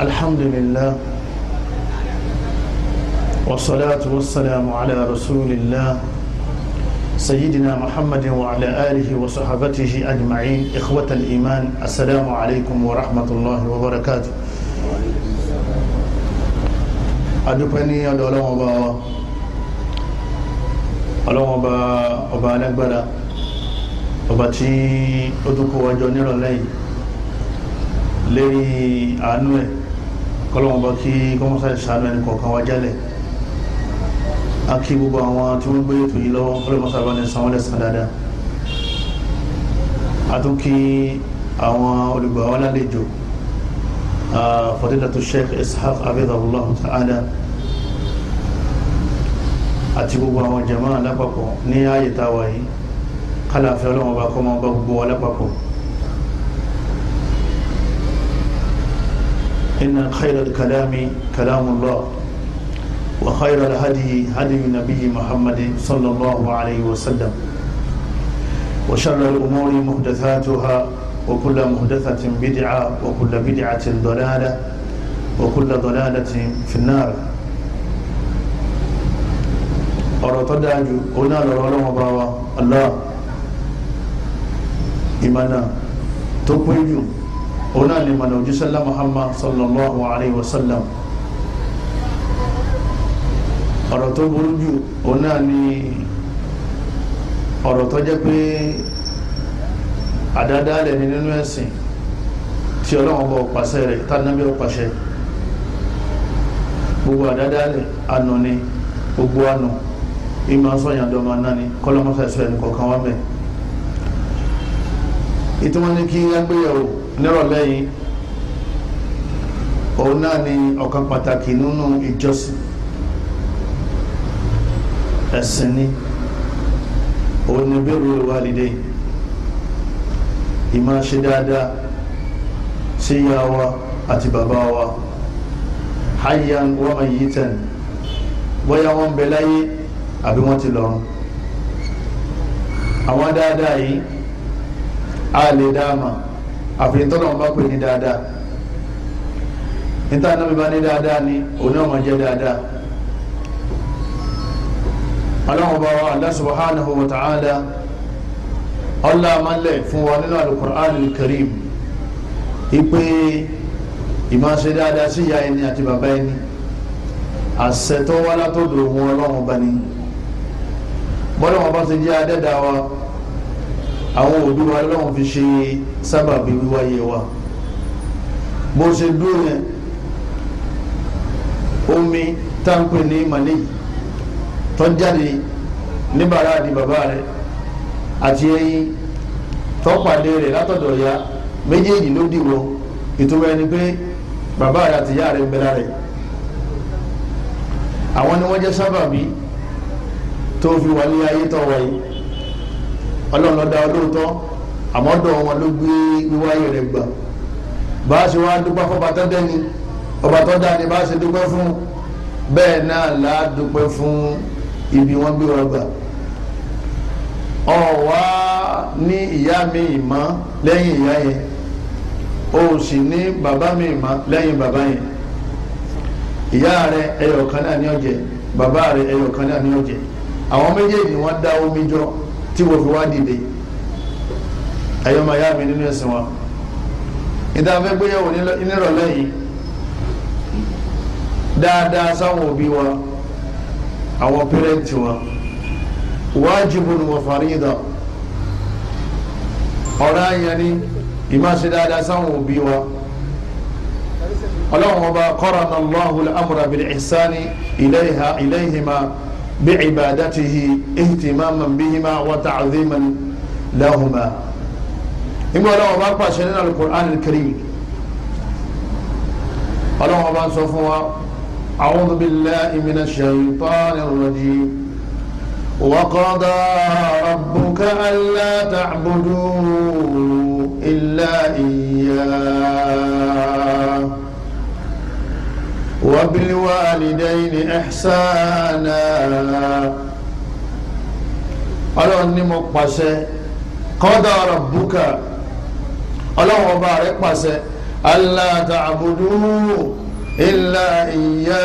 الحمد لله والصلاة والسلام على رسول الله سيدنا محمد وعلى آله وصحبته أجمعين إخوة الإيمان السلام عليكم ورحمة الله وبركاته adúpẹ́ni ọ̀dọ̀ ọlọ́wọ́n ọba wa ọlọ́wọ́n ọba ọba alágbára ọba tí ó tún kó wájọ nírọ̀lẹ́ kọlọ́wọ́n bá kí kọ́mọ́sá ìsàánú ẹni kọ̀ọ̀kan wá jálẹ̀ a kí gbogbo àwọn tí wọ́n gbé ètò yìí lọ́wọ́ kọ́lọ́mọ́sá bá ní sanwó lẹ́sàn dáadáa a tún kí àwọn olùgbà wọn lálejò fadilatu sheikh ishaq abidahullah ta'ala àti gbogbo àwọn jama lápapọ̀ ní ààyè táwa yìí kálàfẹ́ ọlọ́wọ́n bá kọ́ mọ́ bá gbogbo wa lápapọ̀. إن خير الكلام كلام الله وخير الهدي هدي نبي محمد صلى الله عليه وسلم وشر الأمور محدثاتها وكل محدثة بدعة وكل بدعة ضلالة وكل ضلالة في النار ọ̀rọ̀ tó dájú oní àlọ́rọ̀ ọlọ́wọ́ bá wa Allah ìmọ̀nà tó pé jù òun náà ni mọ̀nà òjíṣẹ́ ńlá Muhammad sallallahu alaihi wa sallam ọ̀rọ̀ tó burú jù òun ni ọ̀rọ̀ tó jẹ́ pé àdádálẹ̀ ni nínú ẹ̀sìn tí ọlọ́run bá pàṣẹ rẹ̀ tánábí pàṣẹ gbogbo àdádálẹ̀ ànà ni gbogbo ànà ìmọ̀ sọ̀yàn dọ́mọ náà ni kọ́lọ́mọ́sẹ̀ sọ ẹnì kọ̀ọ̀kan wá mẹ́ ìtumọ̀ ní kí á nírọ̀lẹ́ yìí òun náà ni ọ̀kan pàtàkì nínú ìjọsìn ẹ̀sìn ni òun ni bẹ́ẹ̀rù ìwálidé ìmọ̀ ṣe dáadáa sí ìyá wa àti bàbá wa hayyan wa mayitan bóyá wọ́n bẹ láyé àbí wọ́n ti lọ́run àwọn dáadáa yìí a lè dáa mọ̀ àfihàn tọ́lọ̀ wọn bá pè ní dáadáa níta náà bíbá ní dáadáa ni òun náà máa jẹ́ dáadáa aláwọ̀ bá wa Allah subhanahu wa ta'ala Allah máa ń lẹ̀ fún wa nínú al-Qur'an al ipe ìmáṣe dáadáa sí ìyá ẹni àti bàbá ẹni àṣẹ tó wá látọ̀dọ̀ wọn ọlọ́run bá ní bọ́lá wọn bá ti jẹ́ adẹ́dáa àwọn òbí wa lọ́wọ́n fi ṣe sábàbí wíwáyé wa bó ṣe dúró yẹn omi táǹpé ní màlẹ́ yìí tó jáde níbàárà di bàbá rẹ̀ àti ẹyin tó pàdé látọ̀dọ̀ ya méjèèjì ló dìwọ ìtura ẹni pé bàbá rẹ̀ àti ìyá rẹ̀ ń bẹ lára àwọn ni wọ́n jẹ́ sábàbí tó fi wà ní ayé tó wáyé ọlọ́run ló dá olóòótọ́ àmọ́ dọ̀ wọn ló gbé wíwáyé rẹ̀ gbà bá a ṣe wá dúpẹ́ fún ọba tó dẹ́ni ọba tó dání bá a ṣe dúpẹ́ fún bẹ́ẹ̀ náà là á dúpẹ́ fún ibi wọn gbé wọn gbà ọ̀wá ní ìyá mi ìmọ̀ lẹ́yìn ìyá yẹn o sì ní bàbá mi ìmọ̀ lẹ́yìn bàbá yẹn ìyá rẹ ẹyọ̀kan náà ní ọ̀jẹ̀ bàbá rẹ ẹyọ̀kan náà ní ọ̀jẹ̀ àwọn méjèèjì wọn dá omi jọ tí wọ́n fi wá dìde ẹ̀yọ́ máa yá mi nínú ẹ̀sìn wa ìta fẹ́ gbéyàwó nírọ̀lẹ́ yìí dáadáa sáwọn òbí wa àwọn pẹ́rẹ́ǹtì wa wajibun wa farida ọ̀rọ̀ àyàn ni ìmáṣe dáadáa sáwọn òbí wa ọlọ́run ọba qarana Allahu al-amra bil ihsani ilayha ilayhima. بعبادته اهتماما بهما وتعظيما لهما إما لو ما قاشن القرآن الكريم الله ما سوفوا أعوذ بالله من الشيطان الرجيم وقضى ربك ألا تعبدوا إلا إياه وبالوالدين إحسانا ọlọ́run ní mo pàṣẹ kọ́dà rabbuka ọlọ́run ọba rẹ̀ pàṣẹ Allah ta'budu illa iya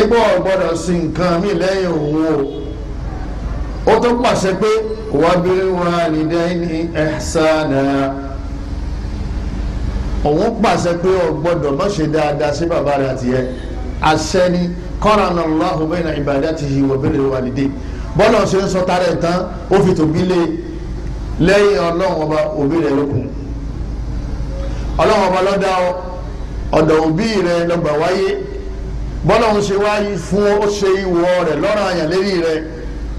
igbó ọ̀gbọ́dọ̀ sí nǹkan mi lẹ́yìn òun o ó tún pàṣẹ pé wa bil walidayni ihsana òun pàṣẹ pé o gbọ́dọ̀ má ṣe dáadáa sí bàbá rẹ̀ àti ẹ̀ àṣẹ ni qarana Allahu bayna ibadatihi wa bayna al-walidayn bọ́lá ṣe ń sọ tara ẹ̀ tán ó fi tòbí lé lẹ́yìn ọlọ́run ọba òbí rẹ̀ lókun ọlọ́run ọba lọ́dá ọ̀dọ̀ òbí rẹ̀ lọ́gbà wáyé bọ́lá ń ṣe wáyé fún ó ṣe ìwọ rẹ̀ lọ́rọ̀ àyàn lérí rẹ̀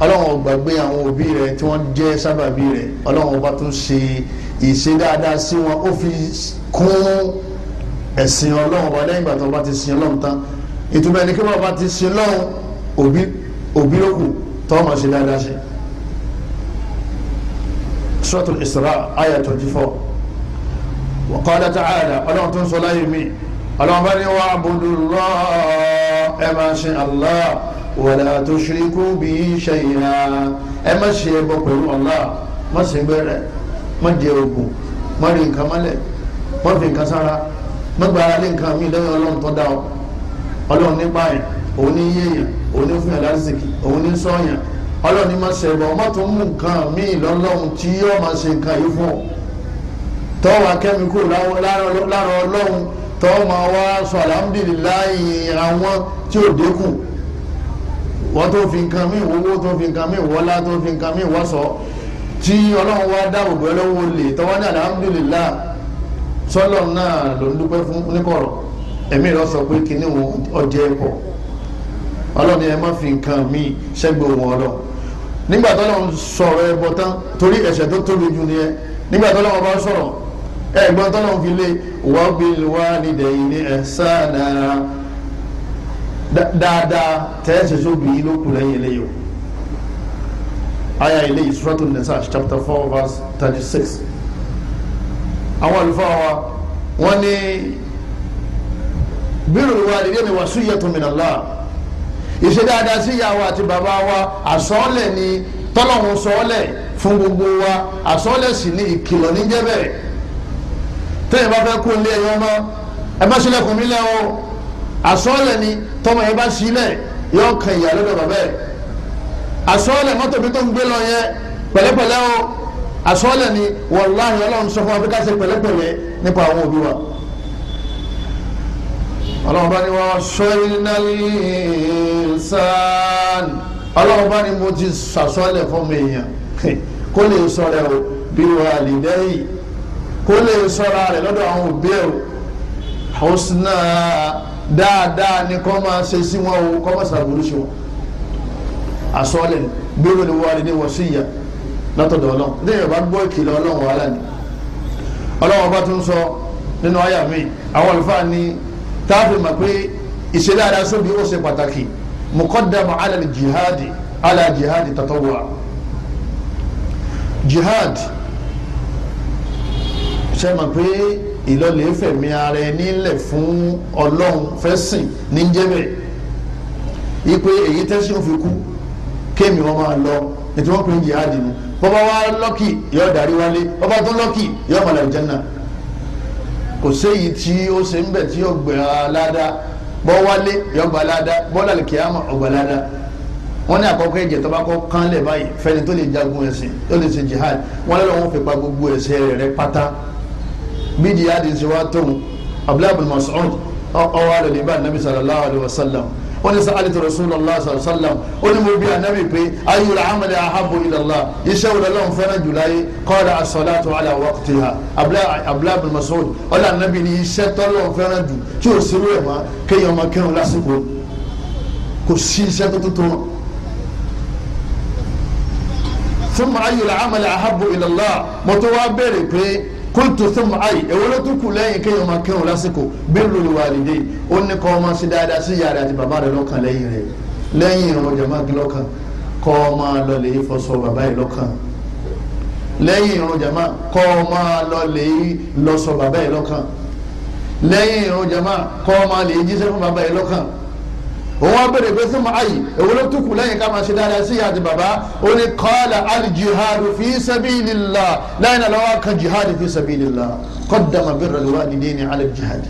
ọlọ́run ọba gbé àwọn òbí rẹ̀ tí wọ́n jẹ́ sábàbí rẹ̀ ọlọ́run ọba tún ṣe é ìṣe dáadáa sí wọn ó fi kún ẹ̀sìn ọlọ́run wa lẹ́yìn ìgbà tó bá ti sin ọlọ́run tán ìtumọ̀ ẹni kí wọ́n bá ti sin ọlọ́run òbí òbí ló kù tó máa ṣe dáadáa ṣe. Suratul Isra ayah twenty four wa qala ta'ala ọlọ́run tó ń sọ láyé mi ọlọ́run bá ní wa'budu Allah ẹ máa ṣe Allah wala tushriku bihi shay'a ẹ má ṣe ẹbọ pẹ̀lú Allah má ṣe gbẹ́rẹ́ má jẹ oògùn má rí nǹkan mọ́lẹ̀ má fi nǹkan sára má gbára lé nǹkan mi lẹ́yìn ọlọ́run tó dá ọ ọlọ́run nípa ẹ̀ òun ní yéèyàn òun ní fún yàrá zèkì òun ní sọ́yàn ọlọ́run ní má ṣe má tún mú nǹkan mi lọ́lọ́run tí yóò má ṣe nǹkan yìí fún ọ tọ́wọ́ akẹ́míkù lára ọlọ́run tọ́wọ́ máa wá sọ alhamdulilayi àwọn tí ò dínkù wọ́n tó fi nǹkan mi wọ́wọ́ tó fi nǹkan mi wọ́lá tó fi nǹkan mi wọ́sọ̀ọ́ tí ọlọ́run wá dáàbò bọ́ lọ́wọ́ olè tọ́wọ́ ní alhamdulilá sọ́lọ̀ náà ló ń dúpẹ́ fún oníkọ̀rọ̀ ẹ̀mí rẹ̀ sọ pé kíní wọn ọjẹ́ ẹ̀kọ́ ọlọ́run ẹ má fi nǹkan mi ṣẹ́gbẹ̀ wọn lọ nígbà tó lọ́run sọ̀rọ̀ ẹbọ tán torí ẹ̀ṣẹ̀ tó tóbi jù nìyẹn nígbà tó lọ́run bá sọ̀rọ̀ ẹ̀gbọ́n tó lọ́run fi lé wabil walidayni ihsana dáadáa tẹ́ẹ̀ṣẹ̀ sóbì yìí ló kù lẹ́yìn eléyìí aya ilé ìsúrọ́tò nisa chapter four verse thirty six àwọn àlùfáà wa wọ́n ní bírò walidaini wasiyyatun minallah ìṣe dáadáa sí ìyá wa àti bàbá wa àsọ́ọ́lẹ̀ ni tọ́lọ́hún sọ́ọ́lẹ̀ fún gbogbo wa àsọ́ọ́lẹ̀ sì ni ìkìlọ̀ níjẹ́ bẹ́ẹ̀ tẹ́yìn bá fẹ́ kó lé ẹyọ mọ́ ẹ má sílẹ̀kùn mi o àsọ́ọ́lẹ̀ ni tọ́mọ yẹn bá sílẹ̀ yọ kàn ìyá bàbá ẹ̀ àsọ́ọ̀lẹ̀ mọ́tò mi tó ń gbé lọ yẹn pẹ̀lẹ́pẹ̀lẹ́ o àsọ́ọ̀lẹ̀ ni wàláhì ọlọ́run sọ fún wa pé ká ṣe pẹ̀lẹ́pẹ̀lẹ́ nípa àwọn òbí wa. ọlọ́run bá ní wa shaynal insan ọlọ́run bá ní mo ti sàsọ́ọ̀lẹ̀ fún mi èèyàn kó lè sọ̀rọ̀ o bí walidayhi kó lè sọ̀rọ̀ rẹ̀ lọ́dọ̀ àwọn òbí ẹ̀ o husna dáadáa ni kó máa ṣe sí wọn o kó máa ṣàbùrù sí wọn. asọ́lẹ̀ gbẹ́wẹ̀lẹ̀ wàlẹ̀ ní wọ́síyà látọ̀dọ̀ ọlọ́run lẹ́yìn bá gbọ́ ìkìlọ̀ ọlọ́run wàhálà ni ọlọ́run bá tún sọ nínú àyà mi àwọn àlùfáà ni táàfin mà pé ìṣẹ̀lẹ̀ àdásóbi ó ṣe pataki ala jihadi ala jihadi tatawwa jihad ṣe mọ̀ pé ìlọlẹ̀ fẹ̀mí ara ẹni lẹ̀ fún ọlọ́run fẹ́sìn ní eyi kéèmì wọn máa lọ ètò wọn pè ní jihadi nu bọ́bá wa lọ́kì yóò darí wálé bọ́bá tó lọ́kì yóò mọ̀ lẹ́yìn jẹ́nà kò séyìí tí ó ṣe ń bẹ̀ tí yóò gbẹ̀ aláda bọ́ wálé yóò gba aláda bọ́ lálẹ́ kíámà ó gba aláda wọ́n ní àkọ́kọ́ ẹ̀jẹ̀ tó bá kọ́ kánlẹ̀ báyìí fẹ́ni tó lè jagun ẹ̀sìn tó lè ṣe jihad wọ́n lọ́wọ́ wọn fi pa gbogbo ẹ̀ṣẹ̀ rẹ̀ rẹ́ pátá bí jihad ṣe wá tóun abdulayi Mas'ud ọwọ́ àdàlẹ́ ibà nàbí sallallahu alayhi wa sallam ó ní sa'ali tó rasulullah sallallahu alaihi wasallam ó ní mo bi anabi pé ayyul amali ahabu ilallah iṣẹ́ wo lọ́lọ́run fẹ́ràn jù láyé qala as-salatu ala waqtiha abdullah bin masoud ó ní anabi ní iṣẹ́ tọ́lọ́run fẹ́ràn jù tí ò sírú ẹ̀ mọ́ kéèyàn ọmọ kẹrin lásìkò kò sí iṣẹ́ tó tó tó wọn. thumma ayyul amali ahabu ilallah mo tó wá béèrè pé kóòtù sọmọ ayé èwo ló tún kù lẹ́yìn kéèyàn máa kírun lásìkò bẹ́ẹ̀ ló wà lédè ó ní kọ́ ọmọ sí dáadáa sí ìyá rẹ̀ àti bàbá rẹ̀ lọ́kàn lẹ́yìn rẹ̀ lẹ́yìn ìrun jàmá kí lọ́kàn kọ́ ọmọ lọ́lẹ̀ ìfọṣọ bàbá yìí lọ́kàn lẹ́yìn ìrun jàmá kọ́ ọmọ lọ́lẹ̀ lọ́sọ bàbá yìí lọ́kàn lẹ́yìn ìrun jàmá kọ́ ọmọ lè jíṣẹ́ fún bàbá yìí lọ́kàn òun á bèrè pé fún màá yìí èwo ló tún kù lẹ́yìn ká máa ṣe dáadáa sí ìyá àti bàbá ó ní kọ́lá àlì jihadu fi sabilillah lẹ́yìn náà lọ́wọ́ kan jihadu fi sabilillah qaddama birra al-walidayni ala jihad.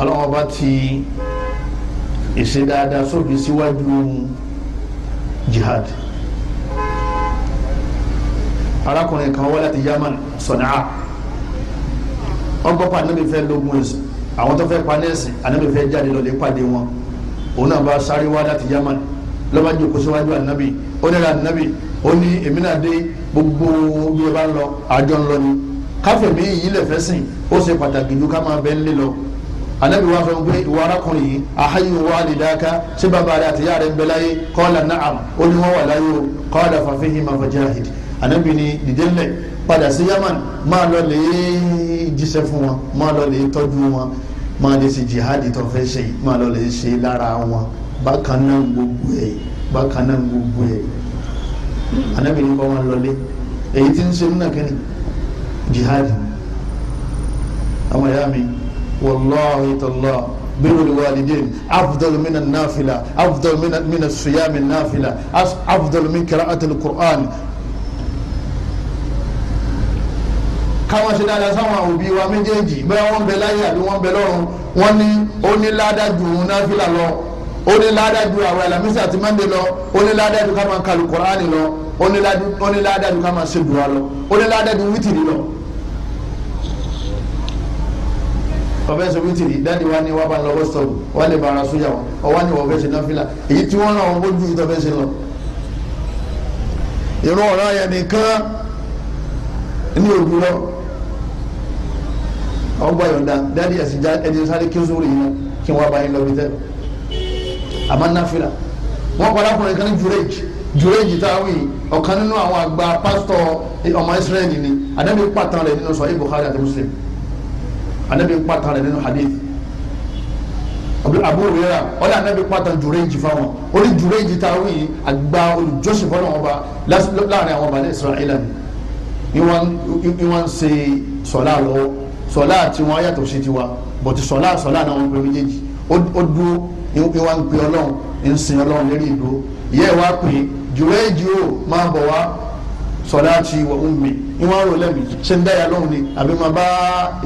ọlọ́wọ́n bá ti ìṣe dáadáa sóbi síwájú jihad arákùnrin kan wá láti Yaman Sana'a ọgbọ́pọ̀ ànábìfẹ́ lógún ẹ̀sìn àwọn tó fẹ́ pa nẹ́ẹ̀sì anabi fẹ́ jáde lọ lè pàdé wọn òun náà bá sáré wá láti yamani lọ́ba jòkó síwájú anabi ó nílò anabi ó ní èmi náà dé gbogbo bí ẹ bá ń lọ àjọ ń lọ ni káfẹ̀mí yìí lè fẹ́ sìn ó ṣe pàtàkì ju ká máa bẹ́ ń lé lọ anabi wa fẹn pe ìwọ arákùnrin yìí ahayu walidaka ṣé bàbá rẹ àti ìyá rẹ ń bẹ láyé kọ́ọ̀lá na'am ó ní wọ́n wà láyé o kọ́ọ̀lá ni dìde padà sí Yaman máa lọ lè jíṣẹ́ fún wọn máa lọ lè tọ́jú wọn máa lè ṣe jihadi tó fẹ́ ṣe máa lọ lè ṣe lára wọn bákan náà gbogbo ẹ̀ bákan náà gbogbo ẹ̀ anabi ní bá wọn lọlé èyí tí ń ṣe nínú kẹ́ni jihadi àwọn ìyá mi wàlláhi tàlá birul walidain afdal min an-nafila afdal min as-siyam an-nafila káwọn ṣe dáadáa sáwọn òbí wa méjèèjì bẹ́ẹ̀ wọ́n bẹ láyé àbí wọ́n bẹ lọ́run wọ́n ní ó ní ládàjú náfìlà lọ ó ní ládàjú àwọn ẹlẹ́mísì àti mọ́ndé lọ ó ní ládàjú ká máa kalu kọ́ránì lọ ó ní ládàjú ká máa ṣe dùwà lọ ó ní ládàjú wítìrì lọ. ọ̀fẹ́ ṣe wítìrì dáàdi wa ni wàá bá lọ wọ́sítọ̀bù wàá lè bára sójà wọn ọ̀wá ni wọ́n fẹ́ ṣe náfìlà èyí tí èmi ò gbúrọ àwọn gba yọ̀ǹda dáadé ẹ̀sìn já ẹni sáré kí n sóore yìí náà kí n wá bá yín lọ bí tẹ́ lọ àmọ́ náfìlà wọ́n padà kùnrin kan ní jùrẹ́jì jùrẹ́jì táwọn yìí ọ̀kan nínú àwọn àgbà pásítọ̀ ọmọ Ísírẹ́lì ni Ànábì pàtàn rẹ̀ nínú sọ Bukhari àti Muslim Ànábì pàtàn rẹ̀ nínú hadith Abu Hurairah ọ̀là Ànábì pàtàn jùrẹ́jì fáwọn orí jùrẹ́jì táwọn yìí àgbà olùjọ́sìn fọ́nà wọn bá láàrin àwọn ọba ní Israẹli ni ìwọ́n ń ṣe sọ̀lá lọ́wọ́ sọ̀lá tiwọn yàtọ̀ sí tiwa bọ̀tí sọ̀lá sọ̀lá náà wọ́n pe méjèèjì ó dúró ìwọ́n ń pe ọlọ́run ń sin ọlọ́run lérí ìdó ìyá ẹ̀ wá pè é jùwé jù ó máa bọ̀ wá sọ̀lá ti wọ̀ ń mi ìwọ́n rò lẹ́mí ṣé ń dáyà lọ́hùn ni àbí máa bá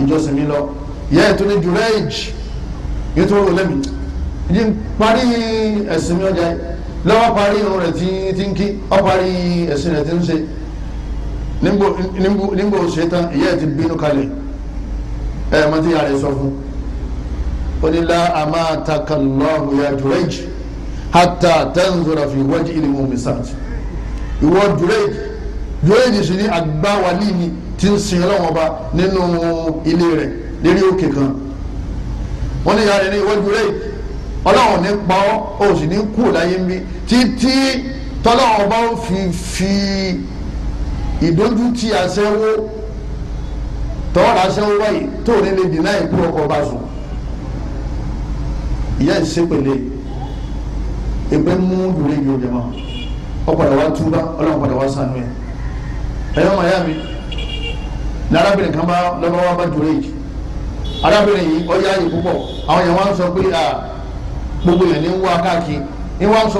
ìjọsìn mi lọ ìyá ẹ̀ tó ní jùwé jù yóò tó rò lẹ́mí ìdí parí ẹ̀sìn mi ọjà lọ́wọ́ parí ohun rẹ̀ tí ń kí ọ Nimbo, ṣe tán ìyá ẹ̀ ti bínú kalẹ̀ ẹ̀ mọ tí ìyá rẹ̀ sọ fún ó ní la amataka Allahu ya Jurayj hatta tanzura fi wajhil mu'minat ìwọ Jurayj Jurayj sì ní agbáwálì ni ti ń sin ọlọ́wọ́n ba nínú ilé rẹ̀ lérí òkè kan wọ́n ní ìyá ni ní ìwọ Jurayj ọlọ́run ní pa ọ́ o sì ní kú láyé ń bí títí tọ́lọ́run bá fi fi. ìdójútì aṣẹ́wó tọ́ra aṣẹ́wó wáyé tó ní lè dì náà ikú ọkọ̀ bá sùn ìyá ìṣépele ìpè mú lórí yìí ó jẹ mọ́ ọ̀padà wa túbá ọlọ́run padà wá sànú ẹ̀ ẹ̀yọ́ màá yá mi ní arábìnrin kan bá lọ́wọ́ bá jùlọ yìí arábìnrin yìí yá yìí púpọ̀ àwọn yẹn wá ń sọ pé gbogbo yẹn ní wá káàkiri wá ń sọ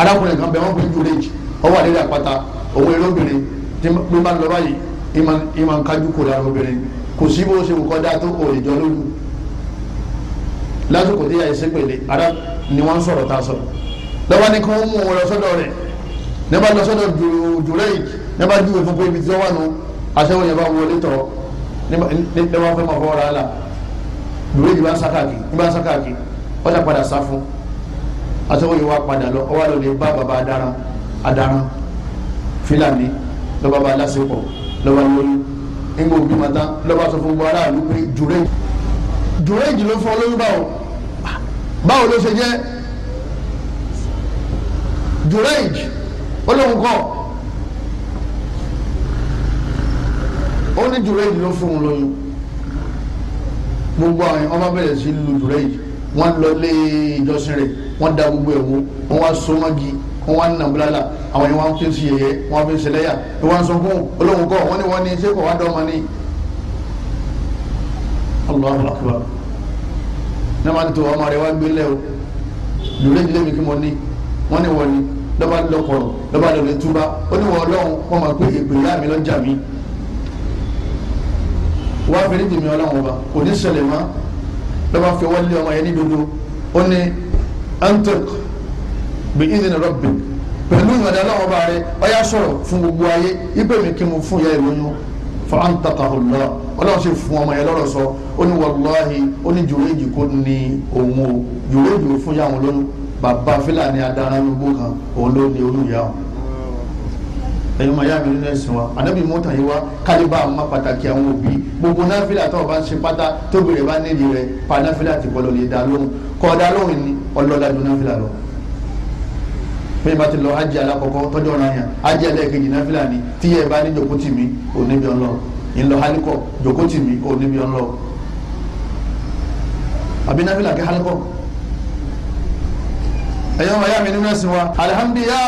arákùnrin kan bẹ wọn pè ju rage ọwọ́ àdéhùn àpáta òun èrè obìnrin bí n bá lọ báyìí ìmọ̀ ń kájú kò lára obìnrin kò sí bó ṣe nǹkan dá tó òòlì jọ lólu lásìkò tí yàrá ìsèpèlè ara ni wọ́n ń sọ̀rọ̀ tá a sọ̀rọ̀ lọ́wọ́ ni kí wọ́n mú wọn lọ sọ́dọ̀ rẹ̀ nígbà lọ sọ́dọ̀ jùlẹ̀ nígbà júwe fún pé ibi tí wọ́n wà nù aṣẹ́wọ̀n yẹn bá wọlé tọ̀ nígbà wọ́n fẹ́ máa fọwọ́ ra la jùlẹ̀ yìí bá ń sákàkì bá ń sákàkì ọ̀sà Aṣọ́wóyè wá padà lọ ọwọ́ lọ lè bá baba adaran adaran Fúlàní lọ́ba bá lásìkò lọ́ba lóyún nígbà òbí máa tán lọ́ba sọ fún gbogbo aráàlú pé jùrẹ́jì jùrẹ́jì ló fọ́ lóyún báwo báwo ló ṣe jẹ́ jùrẹ́jì olóhùn kọ́ ó ní jùrẹ́jì ló fún un lóyún gbogbo àwọn ọmọ bẹ̀rẹ̀ sí lu jùrẹ́jì wọ́n lọ lé ìjọsìn rẹ̀ wọ́n da gbogbo ẹ̀wò wọ́n wá sọmọ́gi wọ́n wá nà búlálà àwọn yẹn wọ́n fi ń ṣiyẹyẹ wọ́n fi ń ṣẹlẹ́yà wọ́n sọ fún olóhùn kọ́ wọ́n ní wọ́n ní sẹ́kọ̀ọ́ wá dọ́ọ̀mọ́ ni. Allahu akbar ní ma tó ọmọ rẹ wá gbé lẹ o lórí ìdílé mi kí mo ní wọn ní wọn ní lọba lọkọrọ lọba lọlẹ túbá ó ní wọn Ọlọ́run wọn máa pé èpè ìyá mi lọjà mi wá fi ní tèmi Ọlọ́run ọba kò ní ṣẹlẹ̀ mọ́ lọ́wọ́ fi wọ́n lé ọmọ yẹn ní dodo ó ní antok bí ìdíni rọ́bì pẹ̀lú ìwọ̀dà lọ́wọ́ bá rẹ ọyá sọ̀rọ̀ fún gbogbo ayé ibẹ̀ mi kí mo fún ìyá ìròyìn fa antaka ọlọ ọlọ́run ṣe fún ọmọ yẹn lọ́rọ̀ sọ ó ní wàlúwàhí ó ní jòwéjì kò ní òun o jòwéjì ò fún yàwọn lónìí bàbá fúlàní adaranu gbó kan òun ló ní olùyàwó ẹ̀yin ọmọ ìyá mi nínú ẹ̀sìn wa ànábì mọ́tà yìí wá kálíbà má pàtàkì àwọn òbí gbogbo náfìlà tó o bá ń ṣe pátá tó bèrè bá nídìí rẹ pa náfìlà ti kọ́ lọ lè dá lóhùn kọ́ dá lóhùn ni ọlọ́lá ju náfìlà lọ. bí ibà ti lọ hajj alákọ̀ọ́kọ́ tọ́jú ọ̀ràn yẹn hajj ẹlẹ́ẹ̀kejì náfìlà ni tí yẹ bá ní jòkó tì mí ò níbi ọ̀n lọ ìlọ halikọ̀ jòkó tì mí ò níbi ọ̀n àbí náfìlà kẹ́ halikọ̀ ẹ̀yọ́ wọn yá mi nínú ẹ̀sìn wa alihamduliya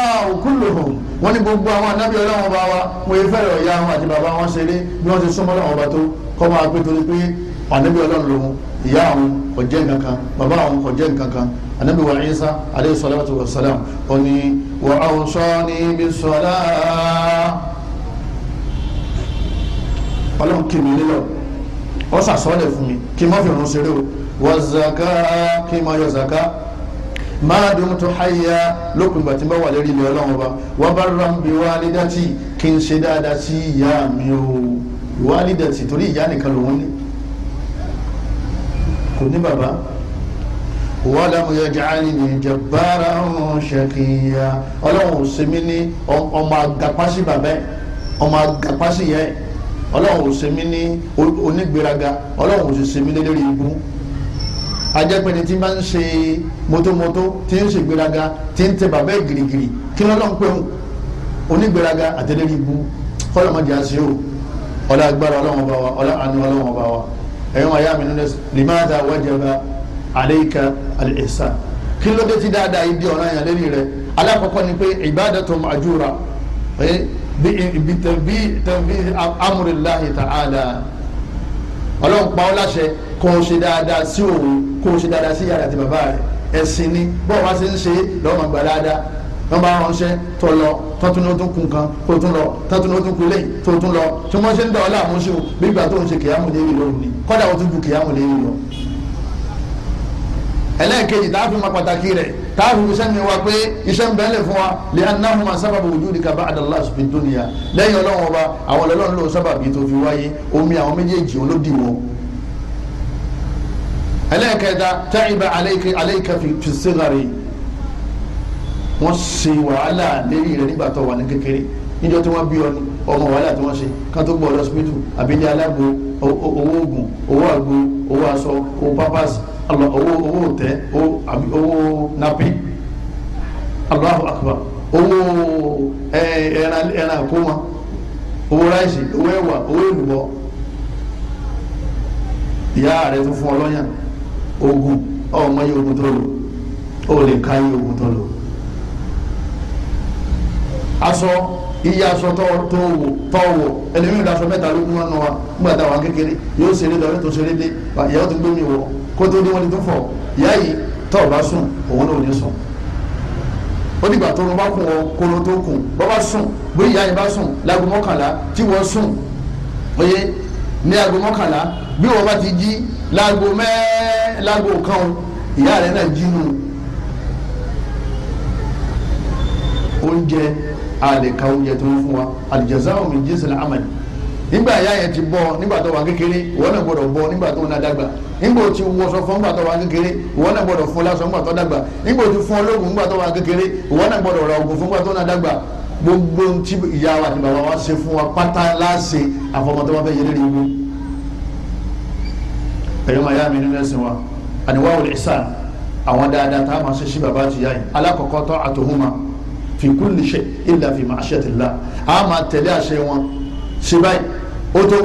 kulluhum wọ́n ní gbogbo àwọn anábì ọlọ́wọ́n bá wa wọ́n yé fẹ́rẹ̀ ọ̀yá wọn àti bàbá wọn ṣeré bí wọ́n ti súnmọ́ ọlọ́wọ́n bá tó kọ́ máa pé torí pé anábì ọlọ́run lòun ìyá àwọn kò jẹ́ nǹkan kan bàbá àwọn kò jẹ́ nǹkan kan wa Isa aleyhi salatu wa salam ó ní wa awsani bis sala ọlọ́run máa dùn tó háyà lópin ìgbà tí n bá wà lórí ilẹ̀ ọlọ́run ọba wà bá rà ń bi wálídàtì kí n ṣe dáadáa sí ìyá mi o wálídàtì torí ìyá nìkan lòun ní kò ní bàbá wàlámù yaj'alni jabbaran shaqiyya ọlọ́run ò ṣe ní ọmọ agapásí bàbá ọmọ agapásí yẹ ọlọ́run ò ṣe ní onígbéraga ọlọ́run ò sì ṣe lórí igun ajẹ́pẹ́ni tí máa ń ṣe mọ́tòmọ́tò tí ń ṣègbéraga tí ń tẹ bàbá gírígírí kí lọ́nà ń pẹ́hùn onígbéraga àtẹlẹ́rì ibu kọ́lọ́mọdé àṣẹ o ọlá agbára ọlọ́wọ́n bá wa ọlá àánú ọlọ́wọ́n bá wa ẹ̀yọ́ wọn yá mi nínú limada wajaba aleika alẹ́sà kí ló dé tí dáadáa yìí di ọ̀ràn yẹn lẹ́nu rẹ alákọ̀ọ́kọ́ ni pé ibadatu ma'jura bi tẹ̀bí amurillahi pa ọ́ láṣẹ kó o ṣe dáadáa sí òun kó o ṣe dáadáa sí yàrá àti bàbá rẹ ẹ̀sìn ni bó o bá ṣe ń ṣe lọ́mọ gbà dáadáa wọ́n bá ránṣẹ́ tó lọ tọ́tún ló tún kun kan tó tún lọ tọ́tún ló tún kun lẹ́yìn tó tún lọ tí wọ́n ṣe ń dọ̀ọ́ láàmú sí o bí ìgbà tó ń ṣe kìyàmù léyìn lọ́rùn ni kọ́dà ó tún ju kìyàmù léyìn lọ. ẹlẹ́ẹ̀kejì tá a fi mọ pàtàkì rẹ̀ tá a fi fi sẹ́ni wa pé iṣẹ́ ń bẹ́ẹ̀lẹ̀ fún wa lè anáhùn máa sábàbí wujudika ba'da Allah fi dunya lẹ́yìn ọlọ́run ọba àwọn ọlọ́run ló sábàbí tó fi wáyé omi àwọn méjèèjì olódìwọ̀n ẹlẹ́ẹ̀kẹta tẹ́ìbà alayka fi sigari wọ́n ṣe wàhálà lérí rẹ̀ nígbà tó wà ní kékeré níjọ́ tí wọ́n bí ọ ọmọ wàhálà tí wọ́n ṣe kán tó gbọ́ ọ lọ́sibítù àbílẹ̀ alágbo owó oògùn owó àgbo owó aṣọ owó pampers owó owó òtẹ owó napi Allahu akbar owó ẹran àkómọ owó ráìsì owó ẹwà owó èlùbọ́ ìyá rẹ̀ tó fún ọ lọ́yàn ogun ọmọ yìí ogun tó lò ó lè ká yìí ogun tó lò aṣọ iye aṣọ tó wò tó wò ẹlẹ́mìí ìdásọ mẹ́ta ló mú ọ́nà wa nígbà táwọn kékeré yóò ṣeré lọ yóò tó ṣeré dé ìyàwó tó gbé mi wọ kó tó dé wọn ni tó fọ ìyá yìí tó o bá sùn òun náà ò ní sùn ó dìgbà tó ló bá kún ọ kóró tó kún bọ́ bá sùn bóyá ìyá yẹn bá sùn láago mọ́kànlá tí wọ́n sùn ó yẹ ní aago mọ́kànlá bí wọ́n bá ti jí láago mẹ́ẹ́ láago kan ìyá rẹ̀ náà jí nù. oúnjẹ àlèkà oúnjẹ tó ń fún wa aljaza'u min jinsil amali nígbà ìyá yẹn ti bọ́ nígbà tó wà kékeré ìwọ náà gbọdọ bọ́ nígbà tó ń dàgbà nígbà tí sọ fún nígbà tó wà kékeré ìwọ náà gbọdọ fún nígbà tó dàgbà nígbà fún nígbà tó wà kékeré ìwọ náà gbọdọ gbogbo tí ìyá wa àti bàbá wa ṣe fún wa pátá láṣẹ àfọmọtọ wọn fẹ́ yẹ lórí ìwé ẹ̀yọ́ máa yá mi nínú ẹ̀sìn wa àníwáwò ìsàn àwọn dáadáa tá a máa ṣe sí bàbá àti ìyá yìí alákọ̀ọ́kọ́ tó àtòhúnmá fi kulli shay illa fi ma'ashatillah a máa tẹ̀lé àṣẹ wọn ṣe báyìí ó tó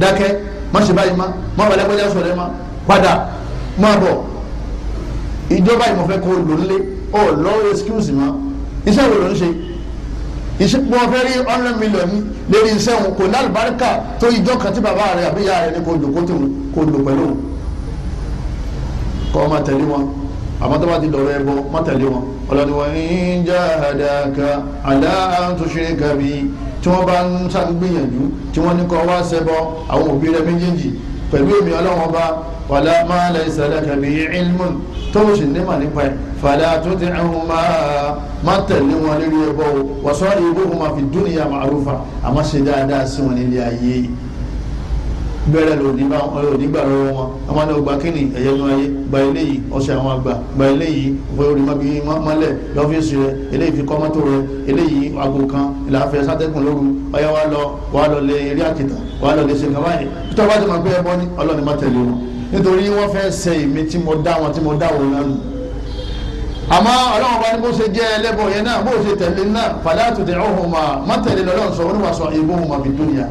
dákẹ́ má ṣe báyìí má má wàlẹ́ gbọ́dọ̀ sọ̀rọ̀ má padà má bọ̀ ìjọba ìmọ̀fẹ́ kò lónìí ó lọ́wọ́ excuse má iṣẹ́ wo ló ń ṣe ìṣepọ̀ fẹ́ rí ọ̀nà mílíọ̀nù lérí iṣẹ́ òun kò ní àlùbáríkà tó ìjọ kan tí bàbá rẹ̀ àbí ìyá rẹ̀ ní kò lò kó tó kò lò pẹ̀lú kọ́ ọmọ tẹ̀lé wọn àmọ́ tó bá ti dọ̀rọ̀ ẹbọ má tẹ̀lé wọn ọlọ́ni wọn ń já àdáka àdá àtúnṣe bí tí wọ́n bá ń ṣàgbìyànjú tí wọ́n ní kọ́ wá ṣẹbọ àwọn òbí rẹ̀ méjèèjì pẹ̀lú èmi ọlọ́wọ́n bá wàlá máa lè sàlẹ̀ kàbí ilmun tó o sì nímọ̀ nípa ẹ̀ fàlà tó ti ẹ̀hún máa máa tẹ̀lé wọn lórí ẹbọ o wàsó ìlú òun máa fi dúnìyà màrúfà àmọ́ ṣe dáadáa sí wọn nílé ayé bẹ́rẹ̀ lòdìgbà lọ́wọ́ wọn ọmọ náà gba kíni ẹ̀yẹ́nu ayé gba eléyìí ọ̀sẹ̀ àwọn àgbà gba eléyìí òfin orí mọ́bí mọ́lẹ̀ lọ́fíìsì rẹ eléyìí fi kọ́ mọ́tò rẹ eléyìí aago kan ìlàáfẹ́ sátẹ́kùn lóru ọ̀yá wa lọ wa lọ lé eré àkìtà wa lọ lé ṣe nǹkan báyìí bá ti máa gbé ẹbọ ní ọlọ́ni má tẹ̀lé wọn nítorí wọ́n fẹ́ sẹ́ èmi tí mo dá wọn tí mo dá wọn lánàá àmọ́ ọlọ́run bá ní bó ṣe jẹ́ ẹlẹ́bọ̀ yẹn náà bó ṣe tẹ̀lé náà fàlẹ́ àtúntẹ̀ ọ̀hún ma má tẹ̀lé lọ́lọ́run sọ wọ́n wá sọ ìbò hùn màbí dúnìyà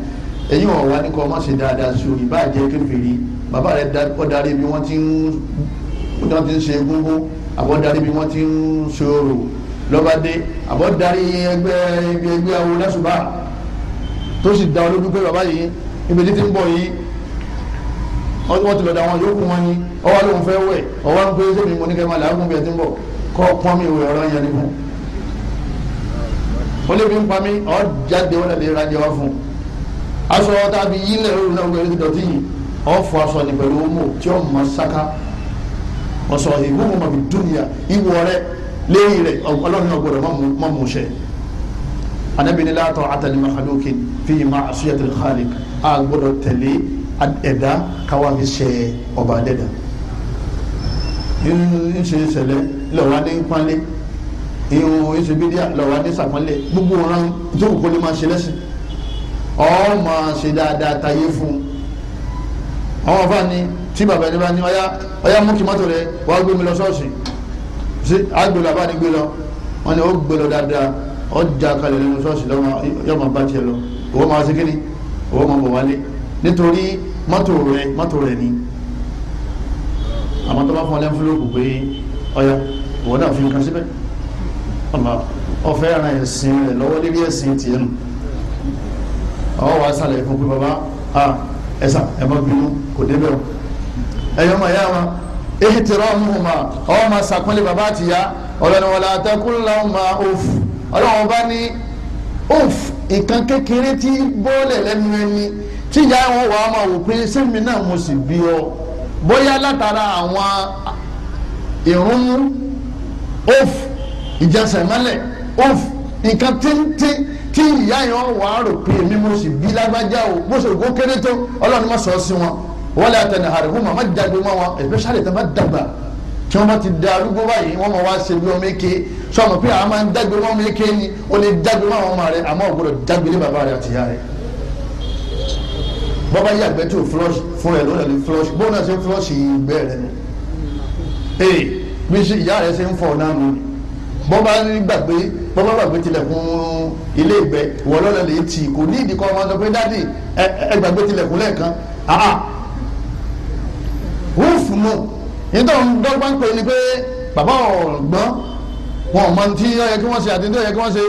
ẹ̀yin ọ̀ wá ní kọ́ má ṣe dáadáa sí o ìbá jẹ́ kèfèrí bàbá rẹ̀ ọ̀darí bí wọ́n ti ń ṣe gbogbo àbọ̀darí bí wọ́n ti ń ṣe orò lọ́bàdé àbọ̀darí ẹgbẹ́ ẹgbẹ́ awo lásùbà tó sì dá olójú pé bàbá yìí ibi wọ́n ti lọ da àwọn yòókù wọn ni ọwọ́ ló ń fẹ́ wẹ̀ ọwọ́ ń pé sẹ́mi mo ní kẹ́ máa làágùn bí ẹ ti ń bọ̀ kọ́ pọ́n mi ìwé ọ̀rọ̀ yẹn ni fún. ó lè fi ń pa mí ọ́ jáde wọ́n lè ra jẹ wá fún un. aṣọ tàbí yílẹ̀ òun náà gbẹ̀rẹ̀ ti dọ̀tí yìí ọ́ fọ aṣọ ni pẹ̀lú ọmọ tí ó mọ sáká ọ̀sọ̀ ìwú mo mọ̀ bí dúnìyà ìwọ rẹ léyìn rẹ ọlọ́run náà gbọ́dọ̀ ẹ̀dá káwá fi ṣe ọba dẹ́dà ìṣe ìṣẹ̀lẹ̀ lọ́wọ́ ní pánlé ìhun ìṣe bídíà lọ́wọ́ ní sàpánlé gbogbo ọ̀ràn tó kò lè máa ṣe lẹ́sìn ọ́ máa ṣe dáadáa tayé fún un àwọn afa ni tí bàbá ẹni bá ní ọyá ọyá mú kí mọ́tò rẹ wàá gbé mi lọ ṣọ́ọ̀ṣì sí àgbèlò àbá ni gbé lọ wọn ni ó gbé dáadáa ọjà kalẹ̀ nínú ṣọ́ọ̀ṣì yọ̀ọ́ máa bá tiẹ̀ lọ ìwọ máa ṣe kíni ìwọ máa bọ̀ wálé nítorí mọ́tò rẹ̀ mọ́tò rẹ̀ ni àmọ́ tó bá fún ọ lẹ́ńfúlọ́pù pé ọ̀yà ìwọ náà fi nǹkan síbẹ̀ ọ̀fẹ́ ara ẹ̀sìn rẹ̀ lọ́wọ́ lérí ẹ̀sìn tiẹ̀ nù ọwọ́ wa sàlẹ̀ fún pé baba ẹ̀sà ẹ̀ má bínú kò débẹ̀ o ẹ̀yọ́ mọ̀ ẹ̀yà wa ihtiramuhuma ọwọ́ ma sàkúnlé baba àti ya ọlọ́ni wala taqul lahuma uff ọlọ́wọ́n bá ní uff nǹkan kékeré tí bọ́ọ̀lẹ̀ lẹ́nu ẹni tí ìyá wọn wà á máa wò pé sẹ́mi náà mo sì bí ọ bóyá látara àwọn ìrúnmú óf ìjẹsẹ̀mọ́lẹ̀ óf nǹkan tíntín tí ìyá yẹn wà á rò pé èmi mo sì bí lágbájá o bó ṣe kó kéré tó ọlọ́run má sọ ọ́ sí wọn wọ́n lè àtẹnà àrùn mọ́ má jáde mọ́ wọn especially tó má dàgbà tí wọ́n bá ti da arúgbó báyìí wọ́n máa wá ṣe bí ọmọ eke sọ ma pé àwọn máa ń dágbé mọ́ ọmọ eke ni ó lè dágbé mọ́ àwọn ọmọ rẹ àmọ́ ògbọ́dọ̀ dágbé lé bàbá rẹ àtìyá rẹ bọ́bá yàgbẹ́ tí o flush fún ẹ ló lè flush bó náà ṣe flush ìgbẹ́ rẹ nù ee bí ṣe ìyá rẹ ṣe ń fọ̀ náà nù bọ́bá gbàgbé bọ́bá gbàgbé tilẹ̀kùn ilé ìgbẹ́ ìwọ lọ́lẹ̀ lè tì kò ní ìdíkọ́ ọmọ sọ pé dáàdì ẹ gbàgbé tilẹ̀kùn lẹ́ẹ̀kan àá wúùfù nù nítorí dọ́gba ń pè ní pé bàbá ọ̀gbọ́n wọn ò mọ ti ọyẹ kí wọ́n ṣe àti ní ọyẹ kí wọ́n ṣe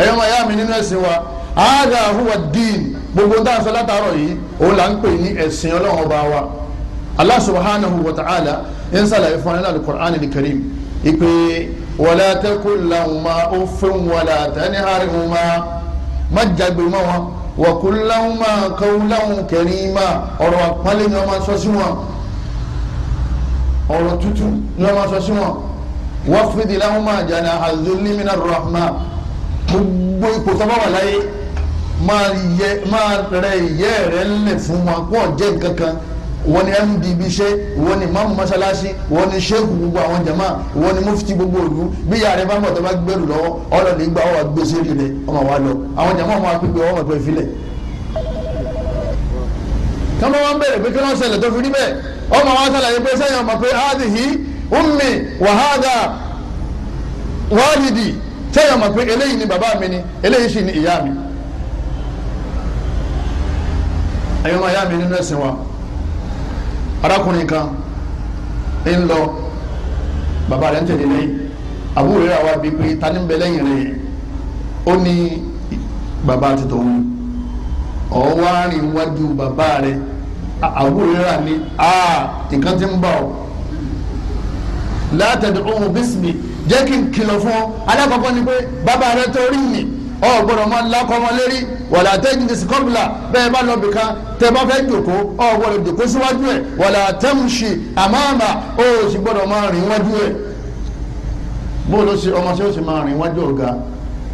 ẹ̀yọ́ máa yá mi nínú ẹ̀sìn wa gbogbo tá a sọ látàárọ̀ yìí òun là ń pè ní ẹ̀sìn ọlọ́run ọba wa Allah subhanahu wa ta'ala ń sàlàyé fún aláàlú Qur'an al-Karim ìpè wala taqul lahuma uffin wala tanharhuma má jágbe mọ́ wọn wa qul lahuma qawlan karima ọ̀rọ̀ àpálẹ̀ ni wọ́n máa sọ sí wọn ọ̀rọ̀ tútù ni wọ́n máa sọ sí wọn wafid lahuma janaha dhulli gbogbo ipò tó wà láyé máa rẹ ìyẹ́ rẹ ńlẹ̀ fún wọn kó jẹ́ nǹkan kan wọ́n ní md ibi wọ́n ní mamu masalasi wọ́n ní ṣéèkù gbogbo àwọn jama wọ́n ní mufti gbogbo òlu bí ìyá rẹ bá mọ̀ tó bá gbẹ̀rù lọ́wọ́ ọ̀rọ̀ lè gba ọ̀wà gbèsè rí rẹ ọmọ wa lọ àwọn jama ọmọ akpẹ́gbẹ́ ọmọ ẹ̀pẹ́ filẹ̀. kọ́mọ wọn bẹ̀rẹ̀ pé kí wọ́n tó fi rí bẹ́ẹ̀ ọmọ wa sàlàyé pé sẹ́yìn ọmọ pé hadihi ummi wàhádà wàhídì sẹ́yìn ọmọ pé eléyìí ni bàbá mi ni eléyìí sì ni ìyá mi ẹ̀yin ọmọ ayá mi nínú ẹ̀sìn wa arákùnrin kan ń lọ bàbá rẹ̀ ń tẹ̀lé lẹ́yìn àbúrò rẹ̀ wá bíi pé ta ni ń bẹ lẹ́yìn rẹ̀ ó ní bàbá ti tòun ọ̀ wá rìn wájú bàbá rẹ̀ àbúrò rẹ̀ ní a nǹkan ti ń bọ̀ ọ́ látẹ̀dẹ̀ ohun bísí mi jẹ́ kí n kìlọ̀ fún ọ alákọ̀ọ́kọ́ ni pé bàbá rẹ̀ tó rí mi ọ gbọ́dọ̀ máa lakọ́ wọn lérí wàlá tẹ́jú ti sikọ́bìlà bẹ́ẹ̀ bá lọ bìkan tẹ́ bá fẹ́ jòkó ọ gbọ́dọ̀ jòkó síwájú ẹ̀ wàlá tẹ́mùsì àmàmà ó sì gbọ́dọ̀ máa rìn wájú ẹ̀ bóòlù ó sì ọmọ sí ó sì máa rìn wájú ọ̀gá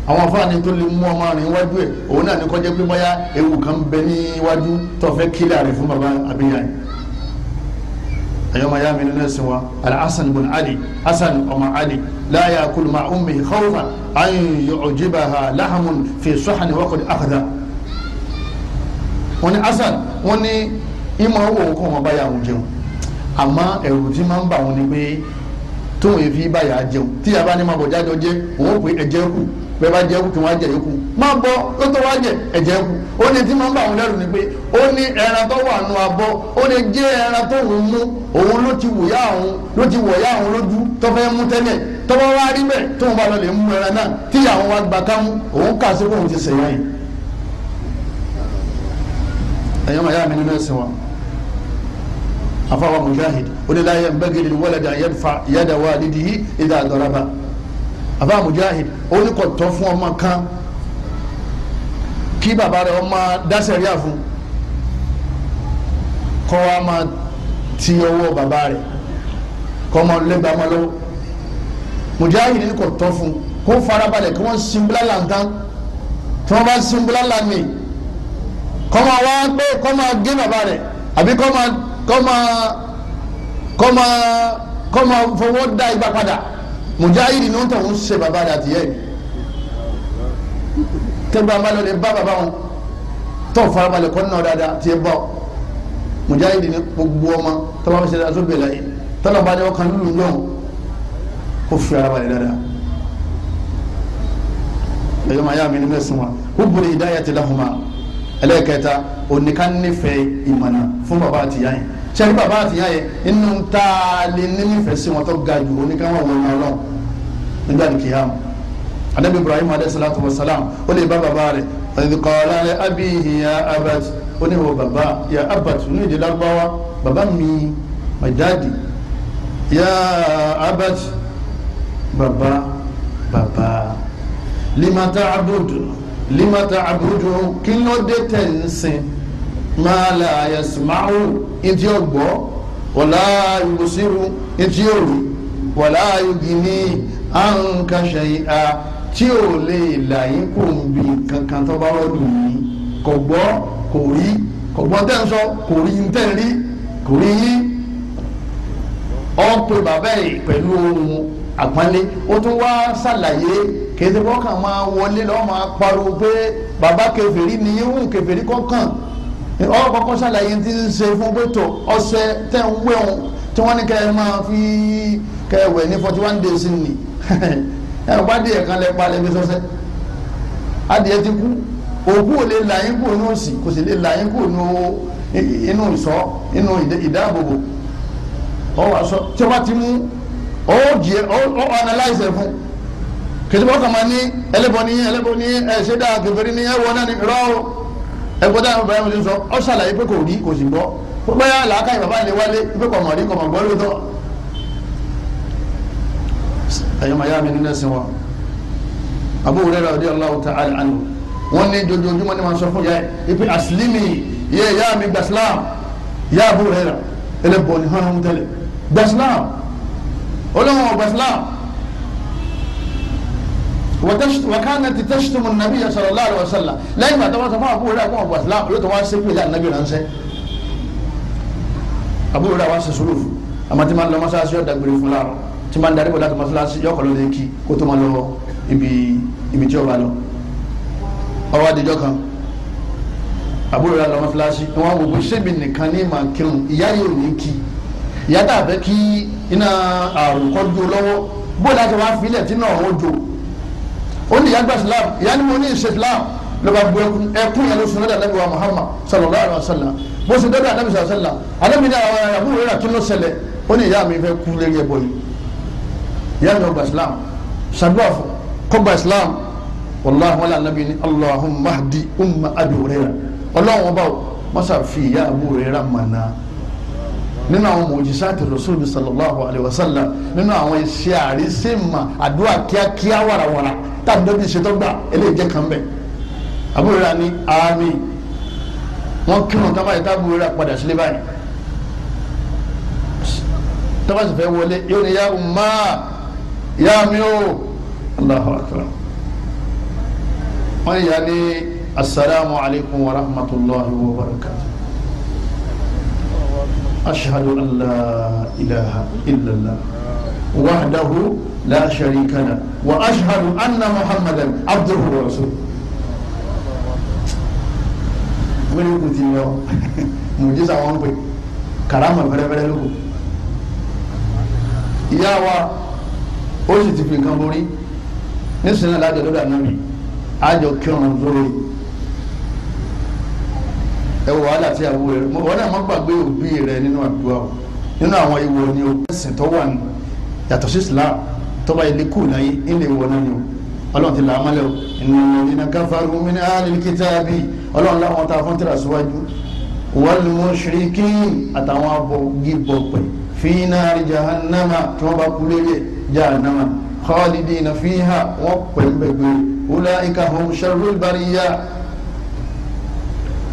àwọn afáàní tó lè mú ọmọ rìn wájú ẹ̀ òun náà ní kọjá pé bóyá ewu kan bẹ níwájú tó fẹ́ kílẹ̀ àrẹ fún baba abiyah ẹ̀yọ́ máa yá mi nínú ẹ̀sìn wa alhassan ibn ali hassan ọmọ ali la yakulu ma ummi khawfan an yu'jibaha lahamun fi sahani wa qad akhadha wọ́n ní hassan wọ́n ní ìmọ̀ owó kọ́ wọn báyà wọn jẹun àmọ́ ẹ̀rù tí máa ń bà wọn ni pé tóun èéfi báyà jẹun tíyàbá ni máa bọ̀ jáde ọjẹ́ òun ò pé ẹ̀jẹ̀ kù bẹ́ẹ̀ bá jẹ́ kú kí wọ́n jẹ yòókù máa bọ́ ó tó wá jẹ ẹ̀jẹ̀ kú ó ní tí máa ń bá òun lẹ́rù ni pé ó ní ẹran tó wà nù abọ́ ó lè jẹ́ ẹran tó òun mú òun ló ti wòyá òun ló ti wòyá òun lójú tó fẹ́ mú tẹ́lẹ̀ tó wá rí bẹ́ẹ̀ tó ń bá lọ lè mú ẹran náà tí àwọn wa gbà ká mú òun kà sí kóun ti sèyá yìí. ẹ̀yọ́ màá yá mi nínú ẹ̀sìn wa afáwọn mujahid oníláyà ń bẹ́gẹ̀lì wọ́lẹ̀dà àbá mujahid oníkọ̀tọ́ fún ọmọ kan kí bàbá rẹ̀ ọmọ dásẹ̀ríà fún kọ́ wa máa ti ọwọ́ bàbá rẹ̀ kọ́ máa lẹ́gbàá máa lọ́wọ́ mujahid oníkọ̀tọ́ fún kó farabalẹ̀ kí wọ́n sinbula lantan tí wọ́n bá sinbula lani kọ́ máa wá pé kọ́ máa gé bàbá rẹ̀ àbí kọ́ máa kọ́ máa kọ́ da ìgbà padà mujahidi ní tọ̀hún ṣe bàbá rẹ̀ àtìyẹ́ mi tẹ́gbà balẹ̀ bá bàbá wọn tọ́ farabalẹ̀ kọ́ náà dáadáa tiẹ̀ bọ́ mujahidi ní gbogbo ọmọ tọ́ba fi ṣe dáadáa tó bẹ̀ láyé tọ́lá bá ní ọkàn lùlù náà kó fi ara balẹ̀ dáadáa ẹ̀yọ́ máa yá mi ní mẹ́sìn wa ó bùrẹ̀ ìdáyà ti láhùn máa ẹlẹ́ẹ̀kẹta ìmọ̀nà fún bàbá àtìyá yìí sẹ́yìn bàbá àtìyá yẹn inú ta lè ní nífẹ̀ẹ́ sí wọn tó ga jù oníkàwọn wọn náà lọ nígbà nìkìyàmù anabi ibrahim alayhi salatu wa salam ó lè bá bàbá rẹ̀ ọ̀dùkọ̀ọ́lá rẹ̀ abiyihi ya abati ó ní wọ bàbá ya abati ní ìdílé arúgbáwá bàbá mi my daddy ya abati bàbá bàbá limata abudu limata abudu kí ló dé tẹ̀ ń sìn máa la yasma'u ntí yóò gbọ́ wàlá yusiru ntí yóò wala wàlá yugini anka shay'a tí ò lè là yín kò ń bi kankan tó bá wọ́dùn yín kò gbọ́ kò rí kò gbọ́ tẹ́ ń sọ kò rí ń tẹ́ ń rí kò rí yín ọ pe bàbá yìí pẹ̀lú ohun àpọ́nlé ó tún wá ṣàlàyé kéde bọ́kàn máa wọlé lọ́ọ́ máa pariwo pé bàbá kèfèrí ni yín hùn kọ́kàn ọ kọ́kọ́ ṣàlàyé ti ń ṣe fún pẹtọ ọṣẹ tẹ ń wẹun tí wọn ní kẹ ẹ máa fi kẹ ẹ wẹ ní forty one days ni ẹ wá díẹ̀ kan lẹ palẹ bí sọsẹ adìyẹ ti kú òkú ò lè là yín kúrò ní òsì kò sì lè là yín kúrò ní inú ìṣọ́ inú ìdáàbòbò ọ wà sọ tí wọn ti mú ọ jẹ ọ analyse ẹ fún kìtìbọ kàmá ní ẹlẹbọ ní ẹlẹbọ ní ẹ ṣẹdá kẹfẹrí ní ẹ wọ náà ní rọ ẹgbẹ́ táwọn bàbá mi ti sọ ọ ṣàlàyé pé kò rí kò sì gbọ́ pé yà làákà yìí bàbá ilé wálé pé kò mọ̀ rí kò mọ̀ gbọ́ lóòótọ́. ẹ̀yin màá yá mi nínú ẹ̀sìn wa Abu Hurairah radiyallahu ta'ala anhu wọ́n ní jojoojúmọ́ ni màá sọ fún yà ẹ̀ pé àsìlímì yẹ yà mi gbàsílám yà Abu Hurairah ẹlẹ́bọ̀ọ́ ni hàn án tẹ́lẹ̀ gbàsílám olóhùn gbàsílám wàkánà ti tẹ́sítọ́mù nàbí sallallahu alaihi wasallam lẹ́yìn ìgbà tó wọ́n sọ fún àbúrò rẹ̀ àkọ́wọ̀n bùwà sílámù ló tó wá sépè lé ànábì ránṣẹ́ àbúrò rẹ̀ wá ṣe sùúrù fún àmọ́ tí máa ń lọ mọ́ṣáláṣí ọ̀dà gbére fún láàrọ̀ tí máa ń darí bọ̀ láti mọ́ṣáláṣí yọkọ̀ ló lè kí kó tó máa lọ ibi ibi tí ó bá lọ. ọwọ́ adijọ́ kan àbúrò rẹ̀ lọ mọ́ṣáláṣí wọn wò bó sẹ́mi nìkan ní màá kírun ìyá yóò ní kí ìyá tàbẹ́ kí iná àrùn kọ́ dúró bó láti wá filẹ̀ tí náà wọ́n jò ó ní ìyá gba islam ìyá ni mo ní ìṣe islam ló bá bu ẹkún ẹkún yẹn ló sun lọ́dọ̀ anabi wa muhammad sallallahu alayhi wa sallam bó sun lọ́dọ̀ anabi sallallahu alayhi wa sallam anabi ní àwọn ará àbúrò rẹ̀ kí ló ṣẹlẹ̀ ó ní ìyá mi fẹ́ kú lérí ẹbọ yìí ìyá mi islam ṣàdúrà fún kọgbà islam wàlláhi wàlá anabi ní allahumma hadi umma abi hurairah ọlọ́run ọba o mọ́sàáfì ìyá àbúrò rẹ̀ mọ̀nà nínú àwọn mòjísáàtì Rasul sallallahu alayhi wa sallam nínú àwọn iṣẹ́ àrísẹ́mà àdúrà kíákíá wàràwàrà táà níbi ìṣètọ́gbà eléyìí jẹ́ kan bẹ́ẹ̀ àbúrò ni àmín wọ́n kírun tábà yìí tábù rẹ̀ padà sílé báyìí tábà sì fẹ́ wọlé yóò ní ya umma ya mi o Allahu akbar wọ́n yà ní asalaamualeykum wa rahmatulahi wa barakatuh. أشهد أن لا إله إلا الله وحده لا شريك له وأشهد أن محمدا عبده ورسوله wọ́n yóò kùtì yọ mùjísà wọn pè karama fẹ́rẹ́fẹ́rẹ́ ló kù ìyá wa ó sì ti fi nǹkan borí nísìnyí aládé lọ́dọ̀ àná mi àjọ kírun lórí ẹ wọ wàhálà tí àwọ rẹ wọn náà má gbàgbé òbí rẹ nínú àdúrà o nínú àwọn ìwọ ni o ẹsìn tó wà ní yàtọ̀ sí Islam tọ́ba ilé kù láyé ilé ìwọ náà ni o ọlọ́run ti là á mọ́lẹ̀ o innal ladhina kafaru min ahlil kitabi ọlọ́run láwọn tá a fọ́n tẹ̀lé aṣíwájú wal mushrikin àtàwọn abọ́gi bọ̀pẹ̀ fi nari jahannama tí wọ́n bá kú lélẹ̀ jahannama khalidina fiha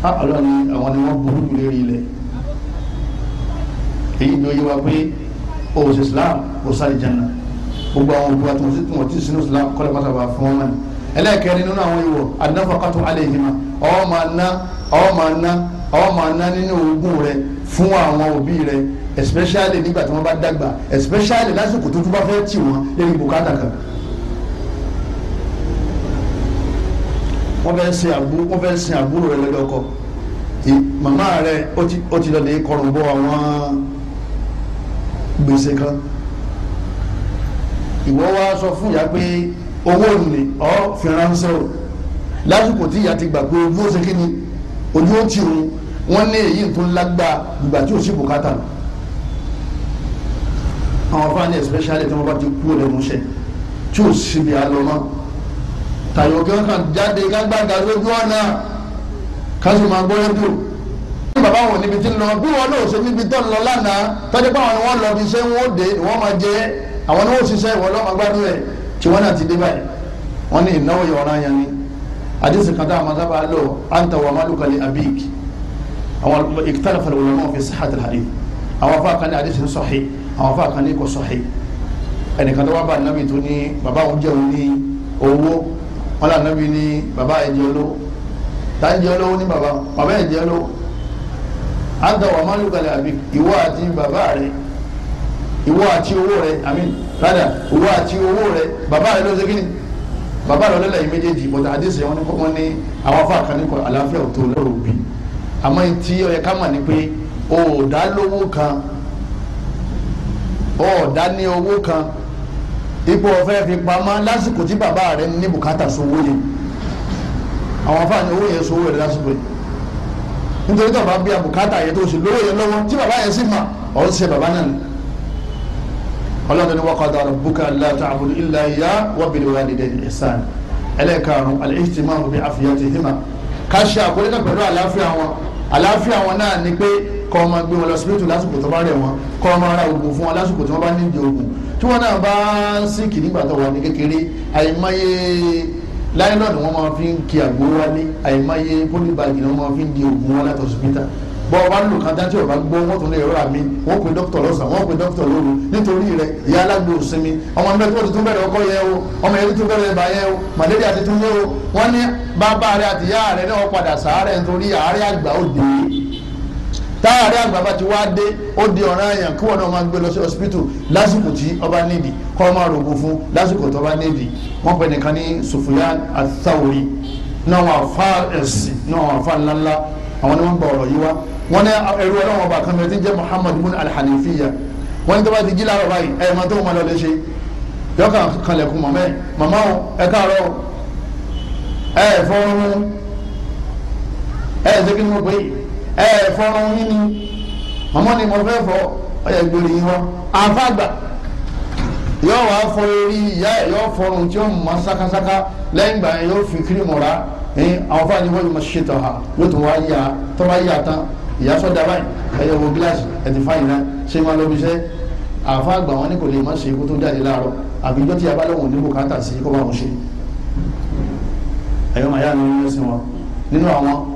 á ọlọ́ni àwọn ni wọ́n burú jù lérí ilẹ̀ èyí ni ó yé wa pé òsì islam kò sáré jẹnà gbogbo àwọn òbúwa tó wọ́n ti sinú islam kọ́lẹ̀ pátá wà fún wọn náà ẹlẹ́ẹ̀kẹrin nínú àwọn ìwọ̀ anáfàkàtọ̀ aléhìmá ọwọ́ máa ná ọwọ́ máa ná ọwọ́ máa ná nínú ogún rẹ fún àwọn òbí rẹ especially nígbà tí wọ́n bá dàgbà especially lásìkò tó tún bá fẹ́ tì wọ́n lórí bùkátà kan wọ́n fẹ́ sin àbúrò wọ́n fẹ́ sin àbúrò rẹ lọ́dọ̀ ọkọ màmá rẹ ó ti lọ́dẹ̀ kọrùn bọ́ àwọn gbèsè kan ìwọ wá sọ fún ìyá pé owó ni ọ fi ránṣẹ́ o lásìkò tí ìyá ti gbà pé ojú ṣe kí ni ojú ó ti rún wọ́n ní èyí tó lágbá ìgbà tí ò sí bùkátà lọ àwọn fáwọn especially tí wọ́n bá ti kú ọ̀rẹ́ mọ́ṣẹ́ tí ò síbi àlọ́ náà tàyò kí wọ́n kàn jáde kágbága lójú ọ̀nà kásù máa gbọ́ rédíò. bí bàbá wọn níbi tí ń lọ bí wọn náà ṣe níbi tó ń lọ lánàá tọ́jú pé àwọn wọn lọ fi ṣe wọn ó dé wọn máa jẹ àwọn náà ó ṣiṣẹ́ ìwọ lọ́mọ gbádùn ẹ̀ tí wọ́n náà ti dé báyìí wọ́n ní ìnáwó yọ̀ọ̀rá yẹn ni àdìsí kan tá a àǹtà wà málùkà ní àwọn ikhtalafa wọn là nàbí ni bàbá yẹn jẹ olówó tá ń jẹ olówó ní bàbá bàbá yẹn jẹ olówó àtọ wà máa lùkàlẹ̀ àbí ìwọ àti bàbá rẹ ìwọ àti owó rẹ àmín rádà ìwọ àti owó rẹ bàbá rẹ ló ṣe kíni bàbá rẹ ọlọ́lẹ̀ yìí méjèèjì bọ̀dà àdéṣe wọn ni wọ́n ní àwọn afọ àkànníkọ àlàáfíà ò tó lọ́rọ̀ òbí àmọ́ etí ọ̀yẹ ká mà ní pé ọ̀ọ́dá lówó kan ọ̀ọ́dá ní owó kan ipò ọ̀fẹ́ fi pamọ́ lásìkò tí bàbá rẹ̀ ní bùkátà sówó yẹn àwọn afáàní owó yẹn sówó rẹ̀ lásìkò yẹn nítorí tó bá bí a bùkátà yẹn tó ṣe lówó yẹn lọ́wọ́ tí bàbá yẹn sì mà ọ̀ ń ṣe bàbá náà ni ọlọ́run ni wa qada rabbuka alla ta'budu illa iyyahu wa bil walidayni ihsana ẹlẹ́ẹ̀karùn-ún al-ihtimamu bi afiyatihima ká ṣe àkólé náà pẹ̀lú àlàáfíà wọn àlàáfíà wọn náà ni pé kọ́ ọmọ gbé wọn lọ síbítù lásìkò tó bá rẹ̀ wọn kọ́ ọmọ ara òògùn fún wọn lásìkò tí wọ́n bá nídìí òògùn tí wọ́n náà bá ń sìnkì nígbà tó wà ní kékeré àìmọye láìlọ́ọ̀nù wọn máa fi ń ki àgbo wálé àìmọye pólíbàgì ni wọn máa fi ń di oògùn wọn láti ọ̀sùpítà bọ́ ọ bá ń lò kán dájú ọ̀bá gbọ́ wọ́n tún lè rọra mi wọ́n pe dókítà lọ́sàn wọ́n pe dókítà lóru nítorí rẹ ìyá alágbó òsinmi ọmọ ẹgbẹ́ tó ti tún bẹ̀rẹ̀ ọkọ yẹ o ọmọ ẹgbẹ́ tó tún bẹ̀rẹ̀ ẹ̀bà yẹ o màlẹ́rì àti tún yẹ o wọ́n ní bàbá rẹ àti ìyá rẹ náà padà sàárẹ̀ nítorí àárẹ̀ àgbà òde táàrí àgbàbá ti wá dé ó di ọ̀ràn àyàn kí wọn náà máa gbé lọ sí hospital lásìkò tí ọba nídìí kọ́ máa rògbò fún lásìkò tó bá nídìí wọ́n pè nìkan ní Sufyan ath-Thawri náà wọn àfa ẹ̀sìn náà wọn àfa ńláńlá àwọn ni wọ́n gba ọ̀rọ̀ yìí wá wọ́n ní ẹrú ọlọ́wọ́n ọba kan mẹ́tí jẹ́ Muhammad ibn al-Hanafiya wọ́n ní tó bá ti jí láàrọ̀ báyìí ẹ̀ máa tó wọn lọ lè ṣe yọkà kanlẹ̀kùn mọ̀mẹ́ màmá o ẹ káàárọ̀ o ẹ fọrun yín ni mọ̀mọ́ ni mo fẹ́ fọ ọyẹ gbèrè yín wọ́n àfàgbà yóò wá fọ orí ìyá ẹ yóò fọrun tí ó mọ sákásáká lẹ́yìn ìgbà yẹn yóò fi kírímù ra àwọn fáwọn ìwọ́n yìí mọ̀ ṣe tàn án yóò tún wá yà tó bá yà tán ìyá sọ́dà báyìí ẹ̀yẹ wo gíláàsì ẹ̀dì fáyìn náà ṣé wọn lọ bí iṣẹ́ àfa wọn ni kò lè má ṣe ikú tó jáde láàárọ̀ àbíjọ́ tí a bá lọ́wọ́ ní bùkátà sí kó bá wọn ṣe ẹ̀yọ́ màá yá ni wọ́n yẹ́ sí wọn nínú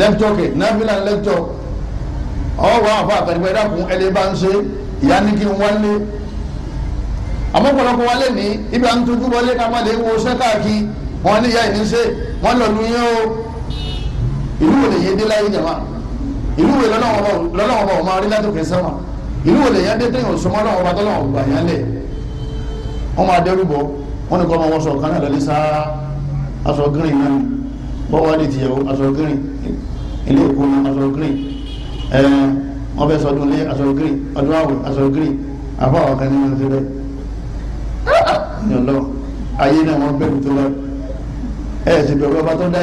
lẹ́pítọ̀ kẹ̀ náfìlà lẹ́pítọ̀ ọwọ́ wà fún àtàdìpẹ́ dàkún ẹlẹ́ bá ń ṣe ìyá ní kí n wálé àmọ́ pọ̀lọpọ̀ wálé ní ibi à ń tójú wọlé ká má lè wo sẹ́kàkì wọn ní ìyá ìní ṣe wọn lọ lu yín o ìlú wo lè yé dé láyé jàmá ìlú wo lọ́lọ́wọ́ bá wọn máa rí látòkè sẹ́wọ̀n ìlú wo lè yá dé téèyàn sọmọ́ lọ́wọ́ bá tọ́lọ́wọ́ gbà yán lẹ̀ wọ́n máa dẹ́rù bọ̀ wọ́n ní kọ́ ọmọ wọn sọ̀ kan náà lọ́lẹ́ sáá gírin náà bọ́wọ́ di tìyàwó aṣọ ilé ìkóná aṣọ green ẹ̀ẹ́ wọ́n fẹ́ sọdún lé aṣọ ọdún àwẹ̀ aṣọ àbọ̀ àwọn kan ní wọn fi bẹ́ẹ̀ ní ayé náà wọ́n bẹ̀rù tó lọ ẹ̀ sì bẹ̀rù ọba tó dá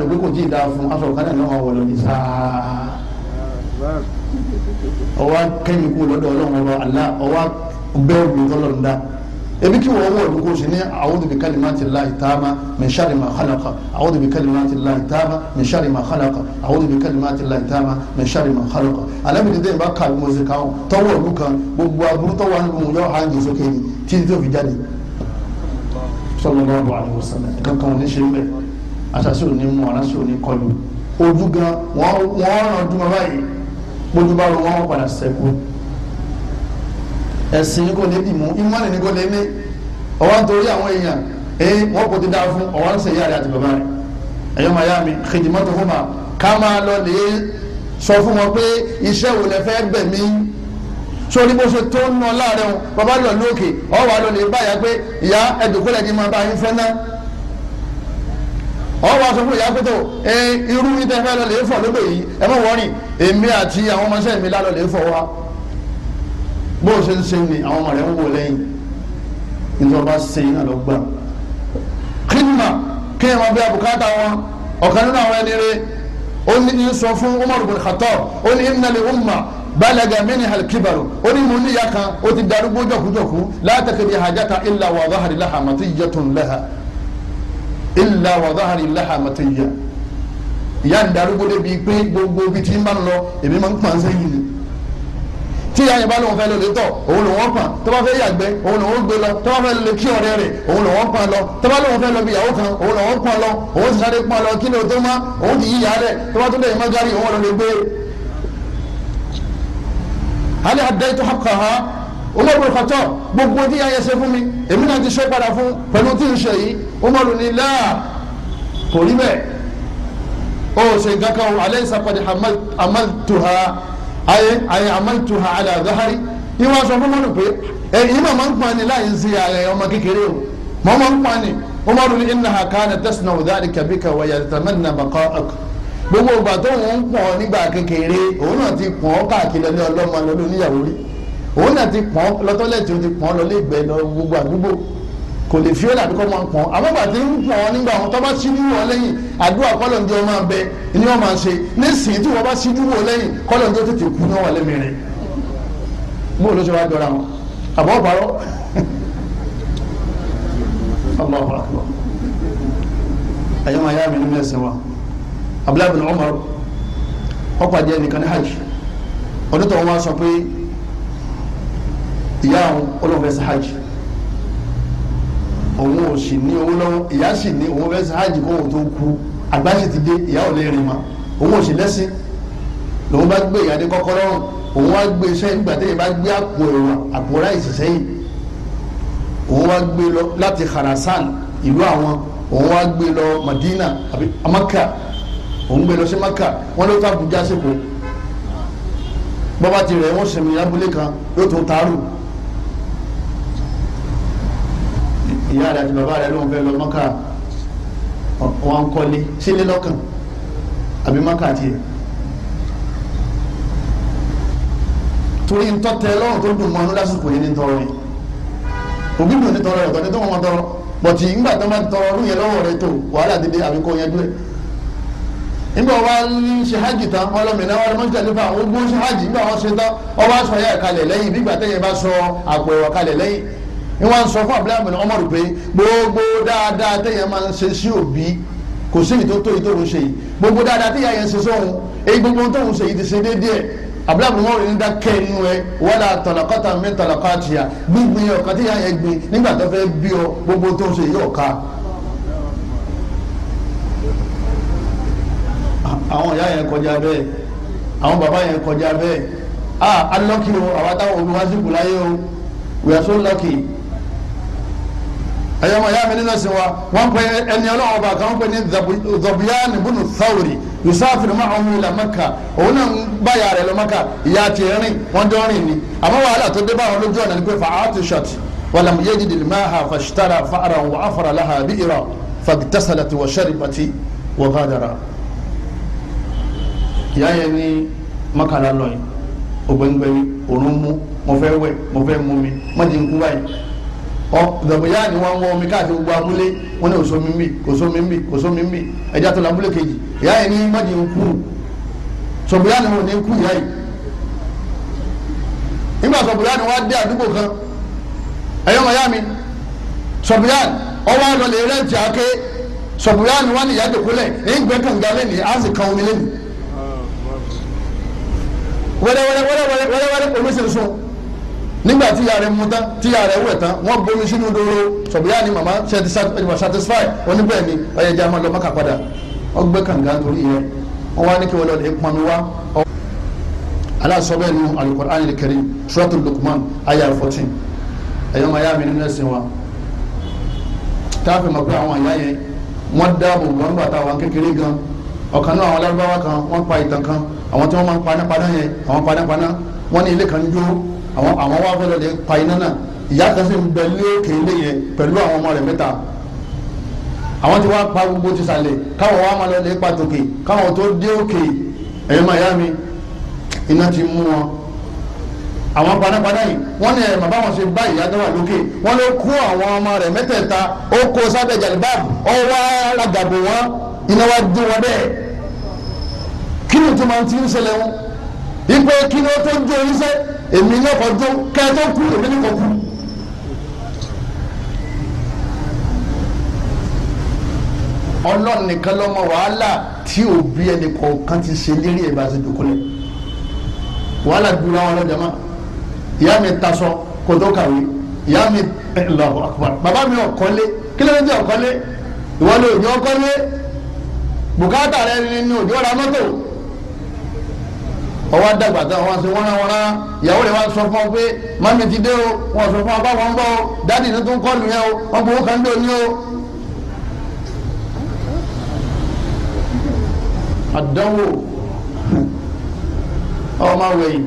rò pé kò tí ì dáa fún náà sáà ọwọ́ kú lọ́dọ̀ ebi kí wọ́n wọ̀ lóko sí ní a'udhu bi kalimati llahi tama min sharri ma khalaqa a'udhu bi kalimati llahi tama min sharri ma khalaqa a'udhu bi kalimati llahi tama min sharri ma khalaqa alábìrin dẹ́yìn bá ka bí mo ṣe kàn tọwọ́ ìlú kan gbogbo aburú tọwọ́ àwọn ohun yóò hàn jìn sókè yìí tí tí yóò fi jáde. sallallahu alaihi wasallam kankan ní ṣe ń bẹ aṣáṣe ẹ̀sìn ní kò ní dì mú ìmọ̀lì ní kò ní ní ọwọ́ nítorí àwọn èèyàn ee wọ́n kò ti dáa fún ọwọ́ ń sèyí àrẹ àti bàbá rẹ̀ ẹ̀yọ́ màá yá mi xèjìmọ́ tó fún ma ká máa lọ lè sọ fún wọn pé iṣẹ́ wo lẹ fẹ́ bẹ̀ mí sori bó ṣe tó ń nọ láàrẹ̀ wọn bàbá lọ lókè ọwọ́ àlọ́ lè báyà pé ìyá ẹ̀dùnkúlẹ̀ ni máa bá yín fẹ́ náà ọwọ́ aṣọ fún ìyá pẹ́tọ́ ẹ irú yìí tẹ́ fẹ́ lọ lè fọ̀ lóbè yìí ẹ bó o ṣe ń sin ni àwọn ọmọ rẹ ń wò lẹ́yìn nítorí ọba sin náà ló gbà kìnnìmà kéèyàn máa bí abùkátà wọn ọ̀kan nínú àwọn ẹni rẹ ó ní ní sọ fún Umar bin Khattab ó ní inna li umma balaga mini halikibaru ó ní mo níyà kan ó ti darúgbó jọkújọkú la takdi hajata illa wa zahari laha matiyatun laha illa wa zahari laha matiyya ìyá ń darúgbó débi pé gbogbo bíi ti ń bá ń lọ èmi máa ń pàǹsẹ́ yìí ni tí ìyá yẹn bá lóun fẹ́ lọ lè tọ̀ òun lòun pọ̀n tó bá fẹ́ yàgbẹ́ òun lòun gbé lọ tó bá fẹ́ lè kí ọ̀rẹ́ rẹ̀ òun lòun pọ̀n lọ tó bá lóun fẹ́ lọ bí ìyàwó kan òun lòun pọ̀n lọ òun sì sáré pọ̀n lọ kí ni o tó má òun ti yí ìyá rẹ̀ tó bá tó dẹ̀ má gárí òun lọ lè gbé. hali adaitu haqqaha umaru kọtọ gbogbo tí ìyá yẹn ṣe fún mi èmi náà ti ṣe padà fún pẹ̀lú tí n ṣe yìí umaru ni láà ayé ayé amáyituha alẹ́ àgáhárí ìwọ aṣọ fún mọ́nù pé ẹ̀yìn mọ̀ máa ń pọn ni láì ń ṣe ààrẹ ọmọ kékeré o mọ̀ máa ń pọn ni umaru ni innaha kana tasna udari kabika wa yatamanna baqa'ak gbogbo ìgbà tó ń pọn nígbà kékeré òun náà ti pọn káàkiri ẹni ọlọ́mọ lọ́lọ́ níyàwó rí òun náà ti pọn lọ́tọ́lẹ̀ ó ti pọn lọ́lẹ́ lọ gbogbo àdúgbò kò lè fi ó dàbí kó máa pọ̀n àwọn bàtí ń pọ̀n wọn nígbà wọn tó bá síjú wọn lẹ́yìn àdúrà kọ́lọ̀njọ́ máa bẹ ni wọ́n máa ṣe nísìnyí tí wọ́n bá síjú wọn lẹ́yìn kọ́lọ̀njọ́ tètè kú náà wà lẹ́mìí rẹ̀ mú o ló ṣe wá dọ́ra wọn àbọ̀ ọ̀bàrọ̀ Allahu akbar ẹ̀yọ́ máa yá mi nínú ẹ̀sìn wa Abdullahi bin Umar ó pàdé ẹnìkan ní hajj ọdún tó wọn wá sọ pé ìyá àwọn olóhùn hajj òun ò sì ní owó lọ́wọ́ ìyá sì ní òun fẹ́ hajj kóhun tó kú àgbà sì ti dé ìyá ò lè rìn mọ́ òun ò sì lẹ́sìn lòun bá gbé ìyá dé kọ́kọ́rọ́ òun wá gbé sẹ́yìn nígbà téèyàn bá gbé àpò ẹ̀wà àpò ráìsì sẹ́yìn òun wá gbé lọ láti Kharasan ìlú àwọn òun wá gbé lọ Madina àbí Maka òun gbé lọ sí Maka wọn ló tàbùjá sípò bọ́bá ti rẹ̀ wọ́n sẹ̀mí abúlé kan yóò tó taarù ìyá rẹ̀ àti bàbá rẹ̀ ló ń fẹ́ lọ mọ́kà wọn kọ́lé sílé lọ́kàn àbí mọ́kà tiẹ̀ torí ntọ́ tẹ lọ́rùn tó dùn mọ́ ọdún lásìkò yìí ní tọrọ yìí òbí dùn ní tọrọ ọ̀tọ̀ ní tó wọn tọrọ bọ̀tì ńgbà tó máa tọrọ ọdún yẹn lọ́wọ́ rẹ tó wàhálà dídé àbíkọ́ yẹn dúró nígbà wa ní ṣe hajj tán ọlọ́mìnira wa lọ́mọ jẹ́ nípa ogún ṣe hajj nígbà wọn ṣe tán ọwọ́ aṣọ ayé kalẹ̀ lẹ́yìn bí gbàtẹ́yẹ bá sọ àpò ẹ̀wọ̀ kalẹ̀ lẹ́yìn ni wọ́n sọ fún abúlé àmì ọmọ rẹ pé gbogbo dáadáa téèyàn máa ń ṣe sí òbí kò sí èyí tó tó èyí tó ń ṣe yìí gbogbo dáadáa téèyàn yẹn ń ṣe sóhun èyí gbogbo tó ń ṣe yìí ti ṣe déédéé abúlé àmì ọmọ rẹ ń dákẹ́ inú ẹ wọ́n àtàlàkọ́tà mi tàlàkọ́tìyà gbígbin ọ̀kan téèyàn yẹn gbin nígbà tó fẹ́ bí ọ gbogbo tó ń ṣe yìí ọ̀ka. àwọn ìyá yẹn kọjá bẹ́ẹ̀ ah alọ́kì o àwọn táwọn òbí wá sí o we are so lucky ẹ̀yọ́ mọ̀ ya mi nínú sin wa wọ́n pe ẹni ọlọ́wọ́ ọba kan wọ́n pe ní Dhabiyan bunu Thawri yusafiru ma'ahu ila Makka òun náà ń bá ìyá rẹ̀ lọ Makka ìyá ti rìn wọ́n jọ rìn ni àmọ́ wàhálà tó dé báwọn lójú ọ̀nà ni pé fa'atishat walam yajid al-ma'a fashtara fa'ran wa afara laha bi'ra fagtasalat wa sharibati wa ghadara. ìyá yẹn ní Makka lálọ́ yìí ògbẹ́ngbẹ́ni òórùn mú mo fẹ́ wẹ̀ mo fẹ́ mú mi mọ́jì ń kú báyìí dọ̀bọ̀yá ni wọ́n ń wọ́n omi káàkiri gbogbo abúlé wọ́n ní òsó mi ń bì òsó mi ń bì òsó mi ń bì ẹja tó lábúlé kejì ìyá yẹn ní mọ́jì ń kú sọ̀bọ̀yá ni wọ́n ní kú ìyá yìí nígbà sọ̀bọ̀yá ni wọ́n dé àdúgbò kan ẹ̀yọ́ mọ̀ yá mi sọ̀bọ̀yá ọwọ́ àlọ́ lè rẹ́ ti àké sọ̀bọ̀yá ni wọ́n ní ìyá dòkúlẹ̀ ní gbẹ́kànga lẹ́nu á sì kan omi lẹ́nu wẹ́rẹ́wẹ́rẹ́ wẹ́rẹ́wẹ́rẹ́ nígbà tí ìyá rẹ̀ mu tán tí ìyá rẹ̀ wẹ̀ tán wọ́n bomi sínú doro sọ̀bíyá ni màmá satisfy oníbẹ̀ ni ọ̀yẹ̀ jẹ́ àmọ́ lọ mọ́kà padà ọgbẹ́ kànga torí yẹ wọ́n wá ní kí wọ́n lọ lè pọnmi wá. aláṣọ́bẹ̀ nu alukur'an al-karim suratul lukman aya fourteen ẹ̀yọ́ máa yá mi nínú ẹ̀sìn wa táàfin mọ̀ pé àwọn àyà yẹn wọ́n dáàbò wọ́n gbà táwọn kékeré gan ọ̀kan náà àwọn alárúbáwá àwọn àwọn wá fẹlẹ lè pa iná náà ìyá kan sì ń bẹ lókè ilé yẹn pẹ̀lú àwọn ọmọ rẹ̀ mẹ́ta àwọn ti wá pa gbogbo ti sàlẹ̀ káwọn wá máa lọ lè pa tòkè káwọn tó dé òkè ẹ̀yìn máa yá mi iná ti mú wọn àwọn panápaná yìí wọ́n ní bàbá wọn ṣe bá ìyá dáwà lókè wọ́n ló kó àwọn ọmọ rẹ̀ mẹ́tẹ̀ẹ̀ta ó kó sábẹ́ jàlibáàbù ọwọ́ alágàbò wọn iná wa dún wọn bẹ́ẹ̀ kí ni tó máa ti ń ṣẹlẹ̀ wọn ipe kí ni ó tó ń jó oníṣẹ́ èmi náà kọ́ jó kẹ́tọ́ kú èmi ní kọ́ kú. ọlọ́run nìkan ló mọ wàhálà tí òbí ẹnì kọ̀ọ̀kan ti ṣe lérí ẹ̀ bá ṣe dùkúlẹ̀ wàhálà dùn láwọn ọlọ́jà máa ìyá mi tasọ kò tó kàwé ìyá mi Allahu Akbar bàbá mi ọ̀kọ́lé kí ló ń jẹ́ ọ̀kọ́lé ìwọ́n lè òjò ọ̀kọ́lé bùkátà rẹ nínú òjò ra mọ́tò ọwọ́ àdàgbà tán wọn ṣe wọ́nrán wọ́nrán ìyàwó rẹ̀ wá sọ fún ọ pé mami ti dé o wọn sọ fún ọ bá wọn ń bọ̀ o dáàdì ní tó ń kọ́ nìyẹn o wọn gbowó kan lé o ní o. àdánwò ọmọ wẹ̀yìn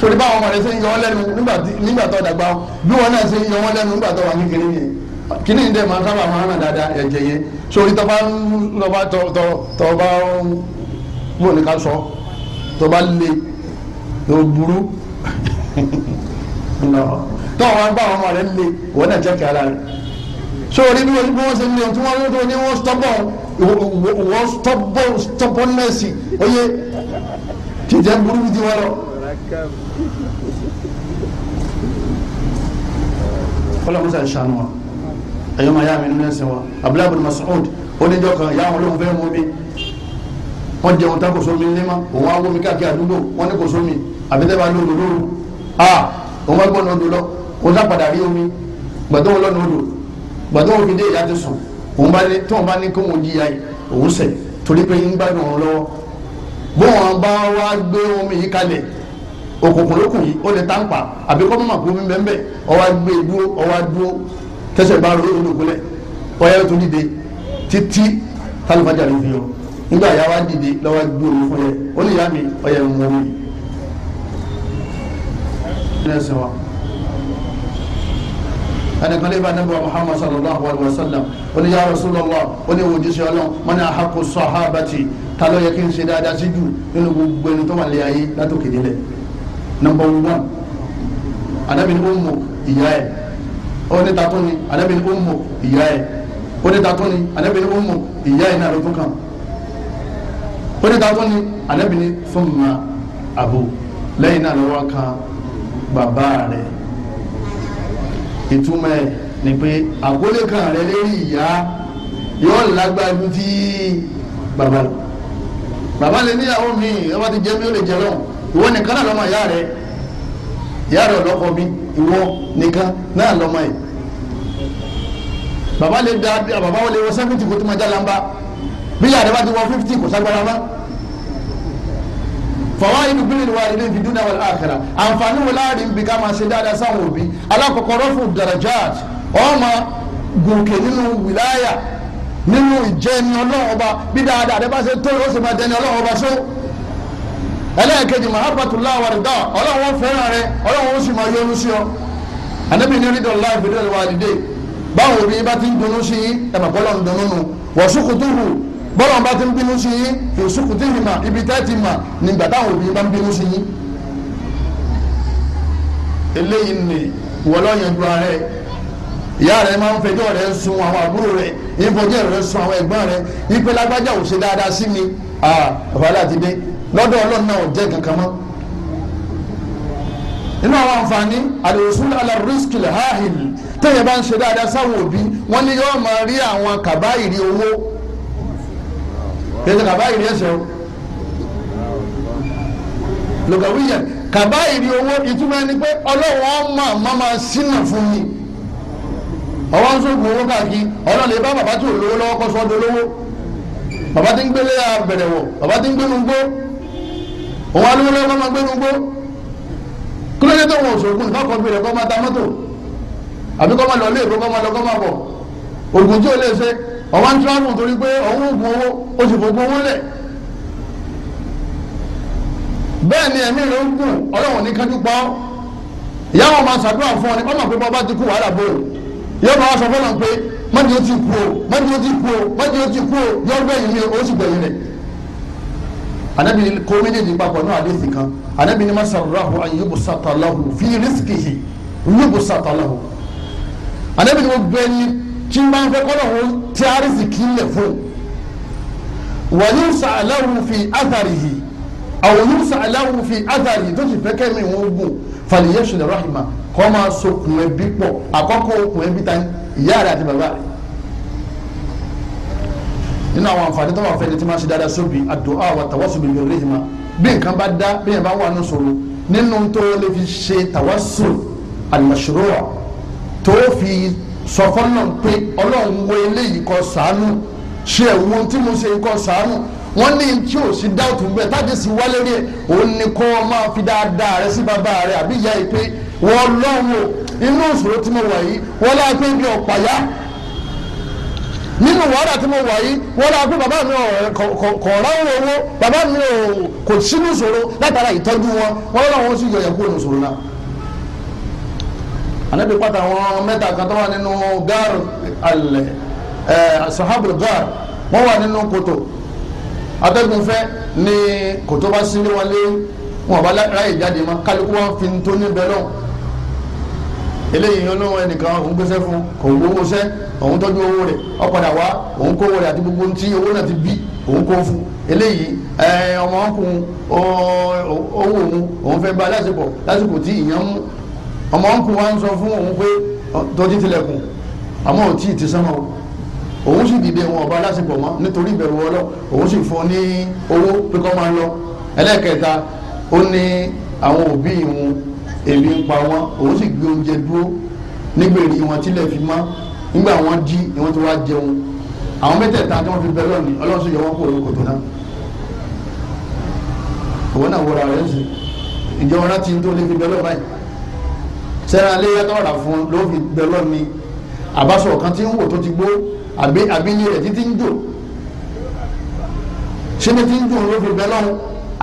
sori báwọn ọmọ rẹ ṣe ń yọ wọn lẹ́nu nígbà tó dàgbà bí wọn náà ṣe ń yọ wọn lẹ́nu nígbà tó wà ní kiri yẹn kini n dẹ ma sábà máa ràn dáadáa ẹ̀jẹ̀ yẹn sori tọba tọba tọba bó ni ká sọ tó bá le tó burú tó àwọn agbá àwọn ọmọ rẹ le wọn náà jẹ́ kí ara rẹ so orí bí wọ́n ṣe lé tí wọ́n lọ́dọ̀ ní wọ́n stọ́bọ̀ wọ́n stọ́bọ̀ stọ́bọ̀nẹ́sì oyè kìjẹ́ burú bí ti wọ́n lọ. kọlọ́mù sàn ṣàánú wa ẹ̀yọ́ máa yá mi nínú ẹ̀sìn wa abdulayi Mas'ud oníjọ́ kan ìyá àwọn olóhùn fẹ́ mú mi wọ́n jẹun tá kò sómi nílé mọ́ òun á wómi káàkiri àdúgbò wọ́n ní kò sómi àbẹ̀tẹ́bà ní odò lóru a òun bá gbọ́n odò lọ òun sápadà rí omi gbàdó wọn lọ́nà odò gbàdó wọn fi dé ìyá ti sùn òun bá ní tóun bá ní kó wọn jìyà yìí òun sẹ̀ torí pé ń gbádùn òun lọ́wọ́ bóun bá wá gbé omi yìí kalẹ̀ òkùnkùn lókùn yìí ó lè tá ń pa àbí kọ́ mọ̀mọ́ kó mi bẹ́ẹ̀ ọwá gbé e dúró ọwá dúró tẹ́sẹ̀ bá ro olùkúlẹ̀ ọyẹ́ tó dìde títí tálùfájà ló fi yọ nígbà yà wá dìde lọ́wọ́ gbé omi fún yẹ ó ní ìyá mi ọ̀yẹ̀ ń mú omi. ẹni kan lè bá nàbẹ muhammad sallallahu alayhi wa sallam ó ní ya rasulallah ó ní wòjúṣe ọlọ́run wọn ní àhàkù sọ̀hábàtì ta ló yẹ kí n ṣe dáadáa sí jù nínú gbogbo ẹni tó wà lé ayé látòkè délẹ̀ number one anabi ni ó mọ ìyá ẹ̀ ó ní tató ni anabi ni ó mọ ìyá ẹ̀ ó ní tató ni anabi ó mọ ìyá ẹ̀ náà ló tún kàn ó ní tààtọ́ ni ànábì ní fún ma àbò lẹ́yìn náà lọ́wọ́ kan bàbá rẹ̀ ìtumọ̀ ẹ̀ ni pé àkólé kan rẹ̀ lérí ìyá yóò lágbára ibi tí bàbá lọ bàbá lè níyàwó mi ọba ti jẹ́ mi ó lè jẹ́ lọ́wọ́ ìwọ nìkan náà lọ́mọ ìyá rẹ̀ ìyá rẹ̀ ọ̀lọ́kọ bí ìwọ nìkan náà lọ́mọ ẹ̀ bàbá lè da bàbá wọlé wọ sẹ́kùtì kó tó máa já lamba bí yàrá bá ti wọ fifty kò sagbara mọ́ fọwọ́ ìdúgbìlì wa ilé fi dúnà wal akhirah àǹfààní wo láàrin bí ká máa ṣe dáadáa sáwọn òbí alákọ̀ọ́kọ́ rọ́fù darajat ọmọ gòkè nínú wìláyà nínú ìjẹni ọlọ́run ọba bí dáadáa rẹ bá ṣe tó ó sì máa dẹni ọlọ́run ọba só ẹlẹ́ẹ̀kejì mahabbatullah wa rida ọlọ́run fẹ́ràn rẹ ọlọ́run ó sì máa yọ́nú sí ọ anabi ní rídọ̀ láì fi rídọ̀ wà dìde báwo bí bá ti bọ́lá wọn bá ti ń bínú sí yín fèsùkù tí ìhìnà ibi tẹ́ ti mà nígbà táwọn òbí bá ń bínú sí yín. eléyìí ni wọ́n lọ yẹn ju ara ẹ̀ ìyá rẹ̀ máa ń fẹjọ́ rẹ̀ sun àwọn àbúrò rẹ̀ ìfọjọ́ rẹ̀ sun àwọn ẹ̀gbọ́n rẹ̀ ìpè lágbájá ò ṣe dáadáa sí mi wàhálà ti dé lọ́dọ̀ ọlọ́run náà ò jẹ́ kankan mọ́. inú àwọn àǹfààní àdéhùsùn ala risk lahahil tẹ́yẹ̀ bá ń ṣe dáadáa sáwọn òbí wọ́n ní yóò máa rí àwọn kàbáyìrì owó yẹn kàbáyé ni ẹsẹ̀ o lùkàwíyà kàbáyé ni owó ìtumọ̀ ẹni pé ọlọ́wọ́ ọmọ àmọ́ máa sínà fún mi ọwọ́ ń sọ̀kùn owó káàkiri ọlọ́lẹ̀ bá bàbá tí ò lówó lọ́wọ́ kọ́ sọ́dọ̀ lówó bàbá tí ń gbélé abẹ̀rẹ̀ wọ̀ bàbá tí ń gbénu gbó òun alówó lọ́wọ́ máa gbénu gbó kí ló dé tó wọn òṣògùn káàkọ́ bí rẹ̀ kọ́ máa ta mọ́tò àbí kọ́ máa lọ ilé ìgbó kọ́ máa lọ kọ́ máa bọ̀ ògùn tí ò lè ṣe ọwọ́ ń tíráàmù torí pé ọwọ́ oògùn owó ó sì fògùn owó lẹ̀ bẹ́ẹ̀ ni ẹ̀mí rẹ̀ ń gùn ọlọ́run ní kájú pọ́ ìyá wọn máa ṣàdúrà fún ọ ní ọmọ pé bọ́ba ti kú wàhálà bò yóò bá wa sọ fọlọ́n pé mọ́tì ó ti kú o mọ́tì ó ti kú o mọ́tì ó ti kú o yóò gbẹ̀yìn mi ó sì gbẹ̀yìn rẹ̀ anabi kó méjèèjì papọ̀ náà àdéhùn kan anabi ni masarurahu ayubu satalahu fi risikihi yubu satalahu anabi ni gbogbo ẹni tí n bá ń fẹ́ kọ́nà òun tí arísìkì lẹ̀ fún wà yóò sà aláwọ̀ fi átàrí yìí àwọn yóò sà aláwọ̀ fi átàrí yìí tó sì fẹ́ kẹ́mi wọn gùn fàlìyẹ́ sùlẹ̀ rahima kọ́ máa so kun ẹbí pọ̀ àkọ́kọ́ kun ẹbí ta ìyá rẹ̀ àti bàbá rẹ̀ nínú àwọn àǹfààní tó wà fẹ́ ni tí máa ṣe dáadáa sóbì àdúà wa tàwọ́sù bìbí rahima bí nǹkan bá dá bí yẹn bá wà ní sòrò nínú tó lè fi ṣe tàwọ́sù al-mashru' tó fi sọfọ́nà pé ọlọ́run wo eléyìí kọ sàánú ṣe ẹ̀wọ̀n tí mo ṣe kọ sàánú wọ́n ní tí ò sí dáùtù bẹ́ẹ̀ tájì sí wálé rí ẹ̀ òun ni kó o máa fi dáadáa rẹ sí bàbá rẹ àbí ìyá yìí pé wọ́n lọ́wọ́ inú ìṣòro tí mo wà yìí wọ́n láà pé bí ọ̀pàyà nínú wàhálà tí mo wà yìí wọ́n láà pé bàbá mi eh, kò ráwọ̀ owó bàbá mi kò sínú ìṣòro látara ìtọ́jú wọn wọ́n lọ́wọ́ sí yọ̀yẹ̀ kúrò ní ìṣòro náà anabi pata àwọn mẹ́ta kan tó wà nínú gar alẹ ẹ sahabu gar wọn wà nínú kòtò atẹ́gùn fẹ́ ni kòtò bá sílé wọn lé wọn bá láyè jáde mọ́ kálukú wọn fi ń tó níbẹ̀ lọ eléyìí olóhùn ẹnìkan òun gbéṣẹ́ fún òun gbowó sẹ́ òun tọ́jú owó rẹ̀ ọ̀padà wá òun kó owó rẹ̀ àti gbogbo ntí owó náà ti bí òun kó fún eléyìí ọmọ ọkùnrin owó òun òun fẹ́ bá lásìkò lásìkò tí ìyẹn mú ọmọ ń kú wa ń sọ fún òun pé tọ́jú tilẹ̀kùn àmọ́ ò tí ì ti sánmọ́ òun sì dìde wọn ọba lásìkò mọ́ nítorí ìbẹ̀rù ọlọ́ òun sì fún ní owó pé kọ́ máa lọ ẹlẹ́ẹ̀kẹta ó ní àwọn òbí ìhun èmi ń pa wọn òun sì gbé oúnjẹ dúró nígbèrè wọn tilẹ̀ fi mọ́ nígbà wọn jí ni wọ́n ti wá jẹun àwọn mẹ́tẹ̀ẹ̀ta tí wọ́n fi bẹ́ẹ̀ lọ́ọ̀ni ọlọ́run sì yọ wọ́n kúrò lóko náà òun náà wọra rẹ̀ sí ìjọba láti tó lé fi bẹ́ẹ̀ báyìí sẹ́ra aléyá tó rà fún ló fi bẹ lọ́ni àbáṣọ kan tí ń wò tó ti gbó àbí àbílẹ̀ rẹ̀ títí ń jò ṣé ní tí ń jò ló fi bẹ lọ́hùn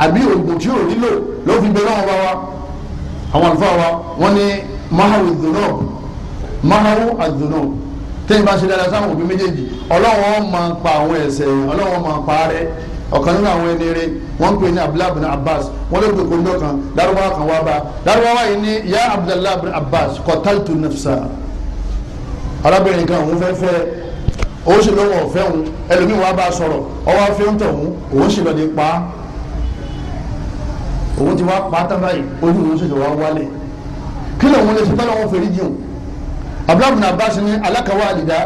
àbí oògùn tí ò nílò ló fi bẹ lọ́hùn bá wa àwọn àlùfáà wa wọ́n ní mahawu dùnú mahawu àdùnú tẹ́yìn bá ṣe dáadáa sáwọn òbí méjèèjì ọlọ́wọ́n máa pa àwọn ẹ̀ṣẹ̀ ọlọ́wọ́n máa pa á rẹ́ ọ̀kan nínú àwọn ẹni rẹ wọ́n ń pè ní abdullahi bin abbas wọ́n lè gbé kóńdó kan lárúbáwá kan wá bá lárúbáwá yìí ní ya abdullahi bin abbas qataltu nafsa arábìnrin kan òun fẹ́ fẹ́ ó sì lọ́wọ́ ọ̀fẹ́ òun ẹlòmíì wá bá sọ̀rọ̀ ọwọ́ fẹ́ ń tọ̀hún òun sì lọ́ọ́ di pa á òun ti wá pa á tán báyìí ojú òun sì lọ́ọ́ wá wálẹ̀ kí lóun lè ṣe tọ́lọ́ fèrè jù abdullahi bin abbas ní alákàwá àdìdá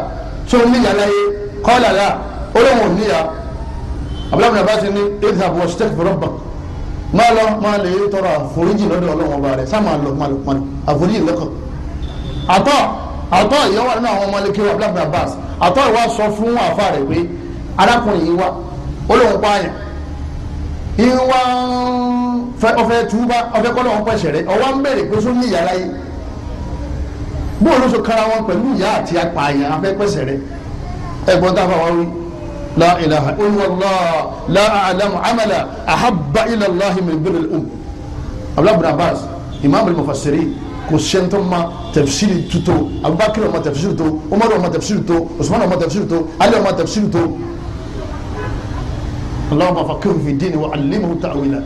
tó níyàlá yé kọ́lá là ó lóun ò níyàá abúlábìnrin abá ti ní eight half was take for rọ́bà máa lọ máa lè tọrọ àforíjì lọ́dọ̀ ọlọ́wọ́n ba rẹ̀ sá máa lọ máa lọ máa lọ àforíjì lọ́kàn àtọ́ àtọ́ ìyẹn wà nínú àwọn ọmọ lẹ́kẹ́wọ́ abúlábìnrin abá àtọ́ ìwà sọ fún àfa rẹ̀ pé arákùnrin yìí wá ó lóun pààyàn ìwà ọfẹ túbà ọfẹ kọ́ lọ́wọ́ pẹ̀sẹ̀ rẹ̀ ọwọ́ ń bèrè pé sóní ìyá láyé bóòlù sọ kára wọn pẹ̀lú ìyá àti apààyàn afẹ́ pẹ̀sẹ̀ rẹ̀ ẹ̀gbọ́n tá a fà wá wí la ilaha illallah la alamu amala ahabba ilallahi min birri al-um abdullahi bin abbas imaamu al-mufassiri kò sẹ́ńtọ́ ma tafsiri tuto abubakar ọmọ tafsiri to umaru ọmọ tafsiri to usman ọmọ tafsiri to ali ọmọ tafsiri to allahumma faqihu fi dini wa allimhu ta'wila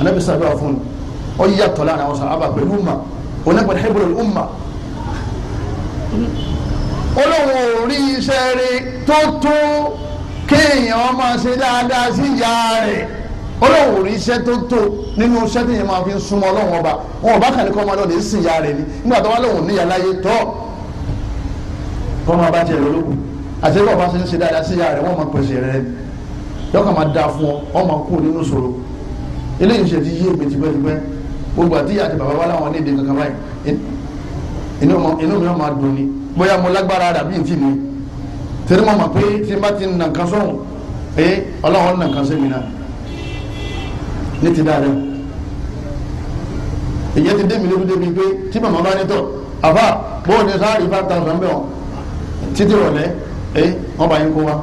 anabi sábẹ́ wa fún ọ yíyá tọ́lá àwọn sábà pẹ̀lú ma onagbọ̀n hebron umma olóhùn orí iṣẹ́ rẹ̀ tó tó kéèyàn wọn máa ṣe dáadáa sí ìyá rẹ̀ olóòwò rí iṣẹ́ tó tó nínú iṣẹ́ tí yẹn máa fi ń súnmọ́ ọlọ́run ọba wọn ò bá kàlẹ́ kọ́ ọmọ lọ́dẹ sí ìyá rẹ̀ ni nígbà tó wá lóhùn níyà láyé tọ́ kọ́mọ bá tiẹ̀ lólókun àti ẹgbẹ́ ọba ṣe ń ṣe dáadáa sí ìyá rẹ̀ wọ́n máa pèsè rẹ̀ yọkà máa dáa fún ọ wọ́n máa kú nínú ìṣòro eléyìí ṣe ti yé èmi tipẹ́tipẹ́ gbogbo àti ìyá àti bàbá wa láwọn onídìí kankan báyìí inú mi Terima mo mọ̀ pé tí n bá ti nà kan sọ̀hún ẹ ọlọ́run nà kan sẹ́mi náà ní ti dáa rẹ̀ ìyẹn ti dé mi lébi débi pé tí màmá bá ní tọ̀ àbá bóun ni sáà rí five thousand bẹ́ẹ̀ wọn títí rọ̀lẹ́ ẹ wọ́n bá yín kó wa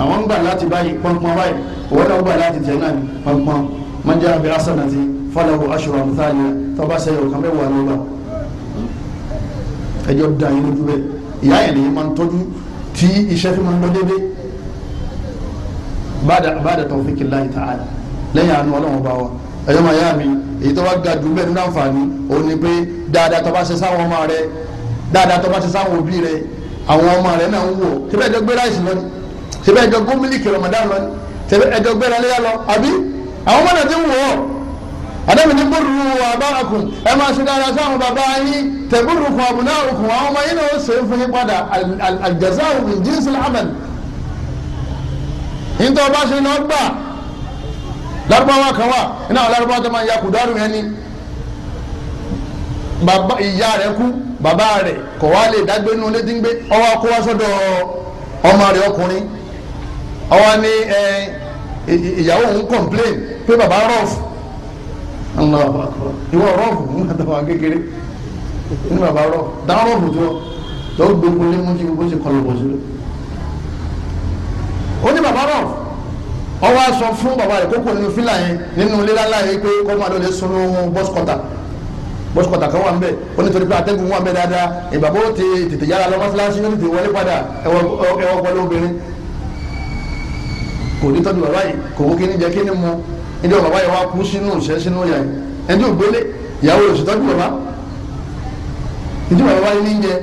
àwọn ń gbà láti báyìí pọ́npọ́n báyìí òun náà ń gbà láti tẹ̀ náà ní pọ́npọ́n mọ́njá abẹ́rẹ́ sànàtì fọlọ́wọ́ aṣọ àmúta ni tọ́ba sẹ́yọ̀ kan bẹ́ẹ̀ wà lọ́gbà ẹjọ́ da yín lójú bẹ́ẹ̀ ìyá yẹn lèyìn máa ń tọ́jú tí iṣẹ́ fi máa ń lọ déédéé báda báda tawfiqillahi ta'ala lẹ́yìn àánú ọlọ́run bá wa ẹ̀yọ́ máa yá mi èyí tó bá ga jù bẹ́ẹ̀ nínú àǹfààní òun ni pé dáadáa tó bá ṣe sáwọn ọmọ rẹ dáadáa tó bá ṣe sáwọn òbí rẹ àwọn ọmọ rẹ náà ń wò síbẹ̀ ẹjọ́ gbé ráìsì lọ ni síbẹ̀ ẹjọ́ gómìnì kìlọ̀mọ̀dá lọ ni síbẹ̀ ẹjọ́ gbé àdàbí ní wa àbá àkùn ẹ máa ṣe dára sáwọn bàbá yín tẹ búrú kun àbùnà òkun àwọn ọmọ yín náà ó ṣe é fún yín padà àjẹsà òkun jíǹsì lábẹ́ni. nítorí ọba ṣe lọ gbà lárúbáwá kan wà iná àwọn lárúbáwá tó máa ya kùdárù yẹn ni ìyá rẹ̀ kú bàbá rẹ̀ kò wá lè dágbé nínú létí ń gbé ọwọ́ kó wá sọ́dọ̀ ọmọ rẹ̀ ọkùnrin ọwọ́ ni ìyàwó òun complain pé bàbá rọ̀fù Allahu akbar ìwọ rọ́ọ̀bù nígbà tó wà kékeré ní bàbá rọ́ọ̀bù dáhùn rọ́ọ̀bù tó tó gbogbo lé mú kí gbogbo ṣe kọlù bọ̀ sílẹ̀ ó ní bàbá rọ́ọ̀bù ó wá sọ fún bàbá rẹ̀ kókò nínú fílà yẹn nínú lílá láyé pé kó máa lọ lè sunu bọ́sù kọ́tà bọ́sù kọ́tà kan wà ń bẹ̀ ó ní torí pé atẹ́gùn wà ń bẹ̀ dáadáa ìbàbọ̀ ti tètè yára lọ mọ́sálásí ó ti wọlé padà ẹ̀wọ̀ pẹ̀lú obìnrin kò ní tọ́jú bàbá yìí kò mú kí ní jẹ́ kí ni mu ẹni tí bàbá yẹn wá kú sínú ìṣẹ́ sínú yẹn ẹni tí ò gbélé ìyàwó rẹ̀ ṣètọ́jú bàbá ẹni tí bàbá yẹn ní jẹ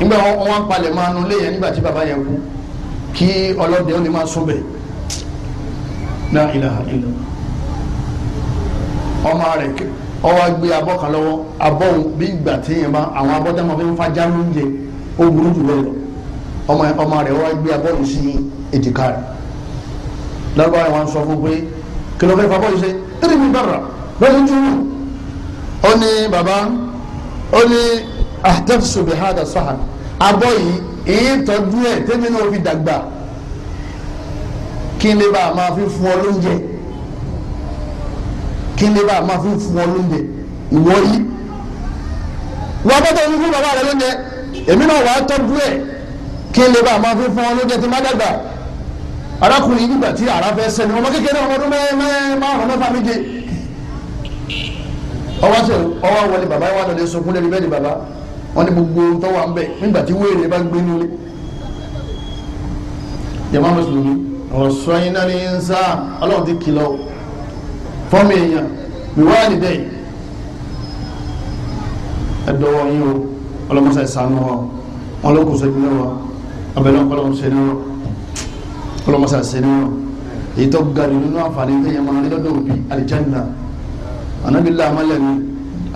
nígbà wọn wá palẹ̀ máa nu lé yẹn nígbà tí bàbá yẹn kú kí ọlọ́dẹ ó lè máa sún bẹ̀ la ilaha illa ọmọ rẹ̀ ọwọ́ gbé abọ́ kan lọ́wọ́ abọ́ bí ìgbà tí yẹn bá àwọn abọ́ dáná fi ń fajá lóúnjẹ ó burú jù lọ ọmọ rẹ̀ ọwọ́ gbé abọ́ yìí sí èjìká rẹ̀ lọ́gbà yẹn wọ́n sọ fún pé kí ló fẹ́ fọwọ́ yìí ṣe tírì mi bẹ̀rẹ̀ lọ́dún tí wù. ó ní bàbá ó ní àtẹ́fṣù bí hàdà sọ́hà abọ́ yìí èyí tọ́jú ẹ̀ tẹ́mi náà fi dàgbà kí n bá a máa fi fún ọ lóúnjẹ kí n bá a máa fi fún ọ lóúnjẹ ìwọ yìí wọ́n bọ́ tó ń fún bàbá rẹ lóúnjẹ èmi náà wàá tọ́jú ẹ̀ kí n bá a máa fi fún ọ lóúnjẹ tí má dàgbà arákùnrin nígbà tí ara fẹ́ sẹ́ni ọmọ kékeré ọmọ ọdún mẹ́ẹ̀ẹ́ márùn mẹ́fà méje ọwọ́ sẹ ọwọ́ wọlé bàbá wà lọ́dẹ sọkún lẹ́nu bẹ́ẹ̀ ni bàbá wọn ni gbogbo tó wà ń bẹ̀ nígbà tí wéèrè bá gbé nílé jàmá mùsùlùmí ọ̀sọ́ iná ní ń ọlọ́run ti kìlọ̀ fọ́ọ̀mù èèyàn wíwá nìdẹ́ ẹ̀dọ́wọ́ yín o ọlọ́mọṣẹ́ ọlọmọsà sẹni wọn èyí tó ga jù nínú àǹfààní tó yẹ máa nílọ́dọ̀ òbí alijanna anabila amalẹni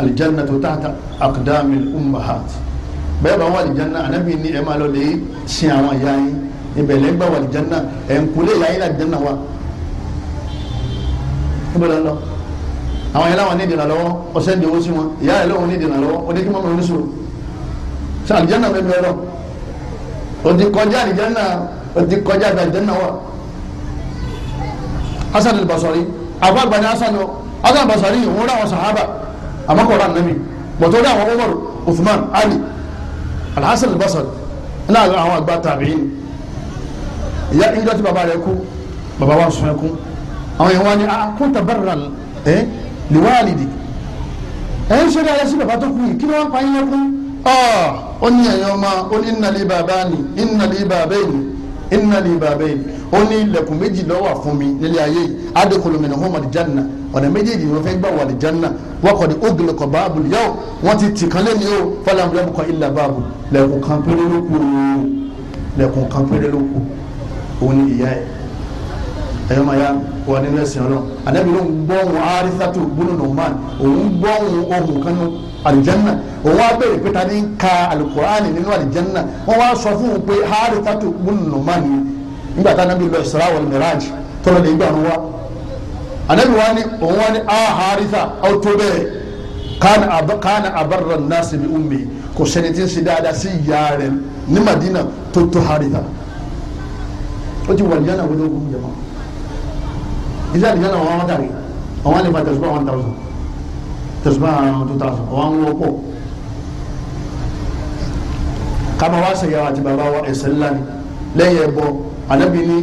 alijanna tó tààtà akadami ummahat bẹ́ẹ̀ bá wọn alijanna anabi ni ẹ máa lọ lè sin àwọn ìyá yín ìbẹ̀lẹ̀ gbà wà alijanna ẹ̀ ń kulẹ̀ ìyá yín alijanna wa níbẹ̀ lọ́lọ́ àwọn yẹn láwọn ní ìdènà lọ́wọ́ ọ̀sẹ̀ ìdèwọ́ sí wọn ìyá rẹ̀ lọ́wọ́ ní lọ́wọ́ ọdẹ kí wọ́n mọ̀ ní sòrò sàlìjánà bẹ́ẹ̀ bẹ́ẹ̀ lọ òdì kọjá àlìjánà o ti kọjá bí àjẹnà wà hasan al-basari àbá àgbàdo hasan o hasan al-basari yìí wọn rà wọn sàhábà àmọ́ kò rà nàmi bọ̀tọ̀ rà wọn Umar Uthman Ali al-hasan al-basari náà àwọn àgbà tàbíyìn ìyá ìjọ tí bàbá rẹ kú bàbá wa sun ẹkún àwọn yẹn wá ní akúntà bẹ́rẹ̀ ẹ lìwáàlìdì ẹ ń ṣe dáadáa sí bàbá tó kú yìí kí ni wọ́n pa yín ẹkún ah, ó ní ẹ̀yàn ọmọ ó ní ìnàlẹ́ bàbá ni ìnàlẹ́ bàbá yìí inna li babayn ó ní ilẹ̀kùn méjì ló wà fún mi nílé ayé yìí adkhulu minhuma al-janna ọ̀nà méjèèjì ni wọ́n fẹ́ gbà wà al-janna wa qad ughliqa babul yawm wọ́n ti tì kan lẹ́nu yóò falam yabqa illa babun lẹ̀kùn kan péré ló kù lẹ̀kùn kan péré ló kù ni ìyá ẹ̀ ẹ̀yọ́ máa ya wà nínú ẹ̀sìn ọlọ́run ànábì ló ń gbọ́hùn àrísàtò gbónú nùmán òun gbọ́hùn ohun kan ní àlìjẹ́nà òun wá béèrè pé ta ní ń ka alukur'ani nínú àlìjẹ́nà wọ́n wá sọ fún un pé àrísàtò gbónú nùmán yìí nígbà tá ànábì lọ Isra wal Miraj tọ́lọ́ lè gbà wọn wá ànábì wá ní òun wá ní àhárítà ọ̀tọ́ bẹ́ẹ̀ kánà àbárò náà sì bí ummi kò sẹ́ni tí ń ṣe dáadáa sí ìyá rẹ̀ ní Madina tó tó àrítà ó ti wà ní yánn àwọn ológun jẹ mọ́ iṣẹ́ àdìjẹ́ náà wọ́n wọ́n tàbí àwọn àlè fa tẹ̀sùbá one thousand tẹ̀sùbá two thousand àwọn àwọn wọ́pọ̀ kama wá sẹ̀yà àti bàbá wa ẹ̀sẹ̀ ńlá ni lẹ́yìn ẹ̀bọ anábì ní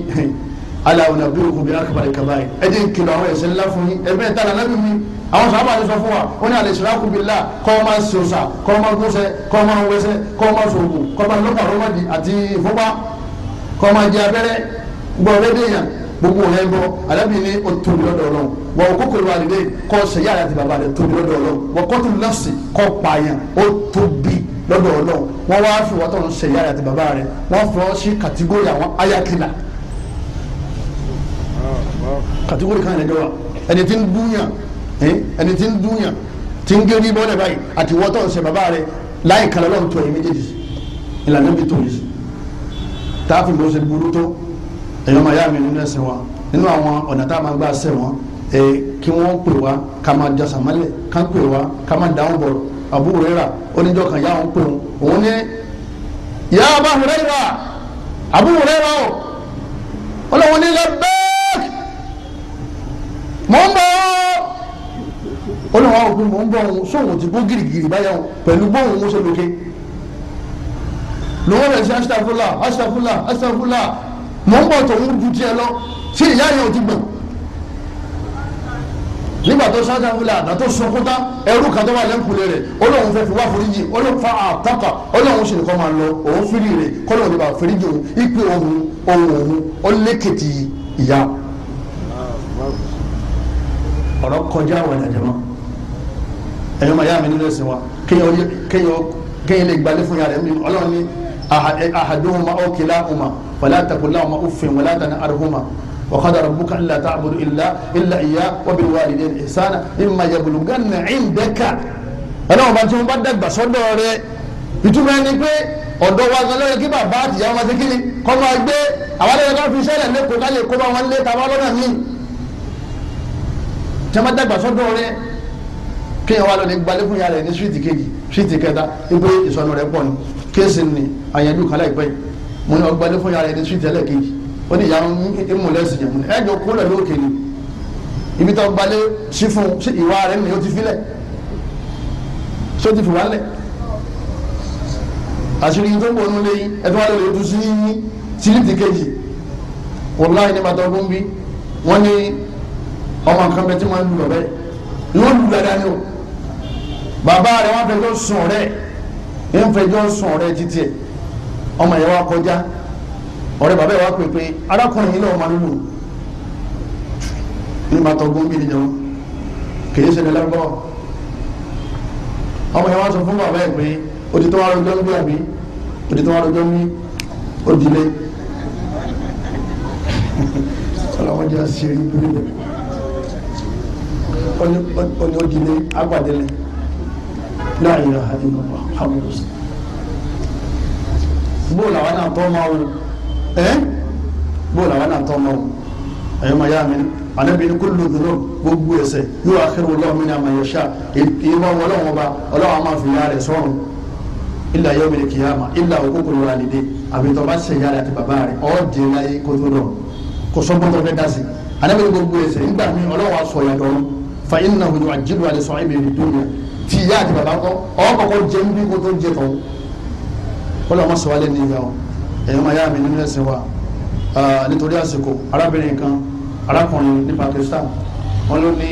aláwọn àbí òkú bí akọ̀bàlẹ̀ kaba yìí ẹ̀dín kìlọ̀ àwọn ẹ̀sẹ̀ ńlá fún yín ẹ̀bí ẹ̀ta anábì mi àwọn sábà ti sọ fún wa wọn ní alẹ́ sira kú bi la kọ́ ọ máa sòsà kọ́ ọ máa kóṣẹ kọ́ ọ àti ìfọ́pá kọ́ jẹ abẹ́rẹ́ gbọ́ ọ̀rẹ́dẹ́yàn gbogbo yẹn bọ alábì ní o tóbi lọ́dọ̀ Ọlọ́run wà o kókò lọ àlè kọ sẹyà àti bàbá rẹ tóbi lọ́dọ̀ Ọlọ́run wà kọtù nọọsì kọ pààyàn o tóbi lọ́dọ̀ Ọlọ́run wọn wá fi wàtọ ọrùn sẹyà àti bàbá rẹ wọn fọ ọ sí kàtígórì àwọn ayakila kàtígórì kan yẹn jọ wa ẹni tí ń dúnyàn ẹni tí ń dúnyàn tí ń gérí bọ́lẹ̀ báyìí àti wọ́tọ̀ ọ̀sẹ̀ bàbá rẹ láì kàlọ́ lọ́run tó ẹ̀yìn méjèèjì ìlànà bí tó yìí táàfin bó ṣe burú tó èyí ọmọ ìyá mi nínú ẹsẹ̀ wọn nínú àwọn ọ̀nà tá a máa gbà ṣe wọn ẹ kí wọ́n pè wá ká máa jọ sàmálẹ̀ ká pè wá ká máa dáhùn bọ̀rọ̀ Abu Huraira oníjọ kan yá wọn pè wọn òun ní yá Abu Huraira Abu Huraira o ọlọ́wọ́n ní labbaik mọ̀ ń bọ̀ olùwà òkun mọ̀ ń bọ̀ òun sóhun ti bó girigiri báyà òun pẹ̀lú bóun ó ṣe lókè lòun rẹ̀ sí astaghfirullah astaghfirullah astaghfirullah mọ̀ ń bọ̀ tòun ju tiẹ̀ lọ ṣé ìyá yẹn ò ti gbọ̀n nígbà tó sáájà wúlẹ̀ àná tó sọkúta ẹrú kan tó wà lẹ́kùnlé rẹ̀ olóhùn fẹ́ fi wá foríjì olóhùn fa àtàkà olóhùn sì nìkan máa lọ òun fìrí rẹ̀ kọ́lọ́hùn ní bá foríjì òun ipe òun òun òun ó lékètì ìyá. ọ̀rọ̀ kọjá àwọn ìdàjẹ́ mọ́ ẹ̀yọ́ màá yá mi nínú ẹ̀sìn wa kéèyàn lè gbalẹ̀ fún yàrá ẹ̀mí ọlọ́run ní أحدهما أو كلاهما فلا تقل لهما أف ولا تنهرهما وقد ربك ألا تعبد إلا إلا إياه وبالوالدين إحسانا إما يبلغن عندك Ọlọ́run bá tí wọ́n bá dàgbà sọ́dọ̀ rẹ̀ ìtumọ̀ ẹni pé ọ̀dọ̀ wa gan lọ́yẹ kí bàbá àtìyá wọn ti kí ni kọ́ máa gbé àwọn ẹ̀rọ kan fi sẹ́lẹ̀ lẹ́kọ̀ọ́ ká lè kó bá wọn lé tàbá lọ́nà míì tí dàgbà sọ́dọ̀ rẹ̀ kí wọ́n wá lọ fún ìyá rẹ̀ ní síìtì kejì síìtì kẹta ipò ìsọnù rẹ̀ pọ̀ ni kéèsì ni àyànjú kan láìpẹ́ yìí mo ní ọgbà ilé fún yàrá ẹni tún tẹ́lẹ̀ kejì ó ní ìyá ìmú lẹ́sìn yẹn mo ní ẹ̀jọ̀ kó lọ lókè ni ibi tó gbalé sí fún ìwà rẹ̀ ni ó ti filẹ̀ só ti fi wá lẹ̀ àṣírí tó ń bọ̀ nínú lẹ́yìn ẹ̀tọ́ wàlẹ̀ lòdù sí sílíìtì kejì wọláyé ní bàtà ọdún bí wọ́n ní ọmọ nǹkan bẹ tí wọ́n ń lu ọ̀rẹ́ yóò lu dáadáa ni o bàbá rẹ̀ wọ́n fẹ́ tó sùn ọ̀rẹ́ ń fẹjọ́ sùn ọ̀rẹ́ títí ẹ̀ ọmọ yẹn wá kọjá ọ̀rẹ́ bàbá yẹn wá pè pé arákùnrin yìí lọ́wọ́ máa lùlù ní ma tọ́gbọ́n bí nìyẹn o kìí ṣe lẹ́lẹ́gbọ́ ọmọ yẹn wá sọ fún bàbá yẹn pé òtítọ́ wa lọ́jọ́ ń àbí òtítọ́ wa lọ́jọ́ ń òdìlé ọlọ́wọ́n àṣírí ìpínlẹ̀ ọ̀nà la ilaha illallah muhammed rasul bóòlù àwọn náà tọ́ ma wọn ẹ́ bóòlù àwọn náà tọ́ ma wọn ẹ̀yọ́ ma yá mi anabi ni kúlù dùnú gbogbo ẹsẹ̀ yóò akérò lọ́wọ́ mi ní àmà yẹ̀ṣà ìmọ̀ ọlọ́wọ́ ba ọlọ́wọ́ máa fi yára ẹ̀ sọ́run ilà yọ̀ mi kìyàmà ilà òkúkú lọ́wọ́ àlìdé àbítọ́ bá ṣe yára àti bàbá rẹ̀ ọ́ di láyé kótó lọ kò sọ́gbọ́n tó fẹ́ dá sí anabi ni gbogbo ẹsẹ̀ nígbà mi ọlọ́wọ́ aṣọ yàtọ̀ fa iná hu ju àjílu alẹ́ sọ tí ìyá àti bàbá kọ́ ọ́ kọ́kọ́ jẹ níbi kó tó jẹ tán kó lọ́ọ́ mọ́ sọ wálé ní ìyá o èèyàn máa yá mi nínú ẹ̀sìn wa nítorí àsìkò arábìnrin kan arákùnrin ní Pakistan wọn ló ní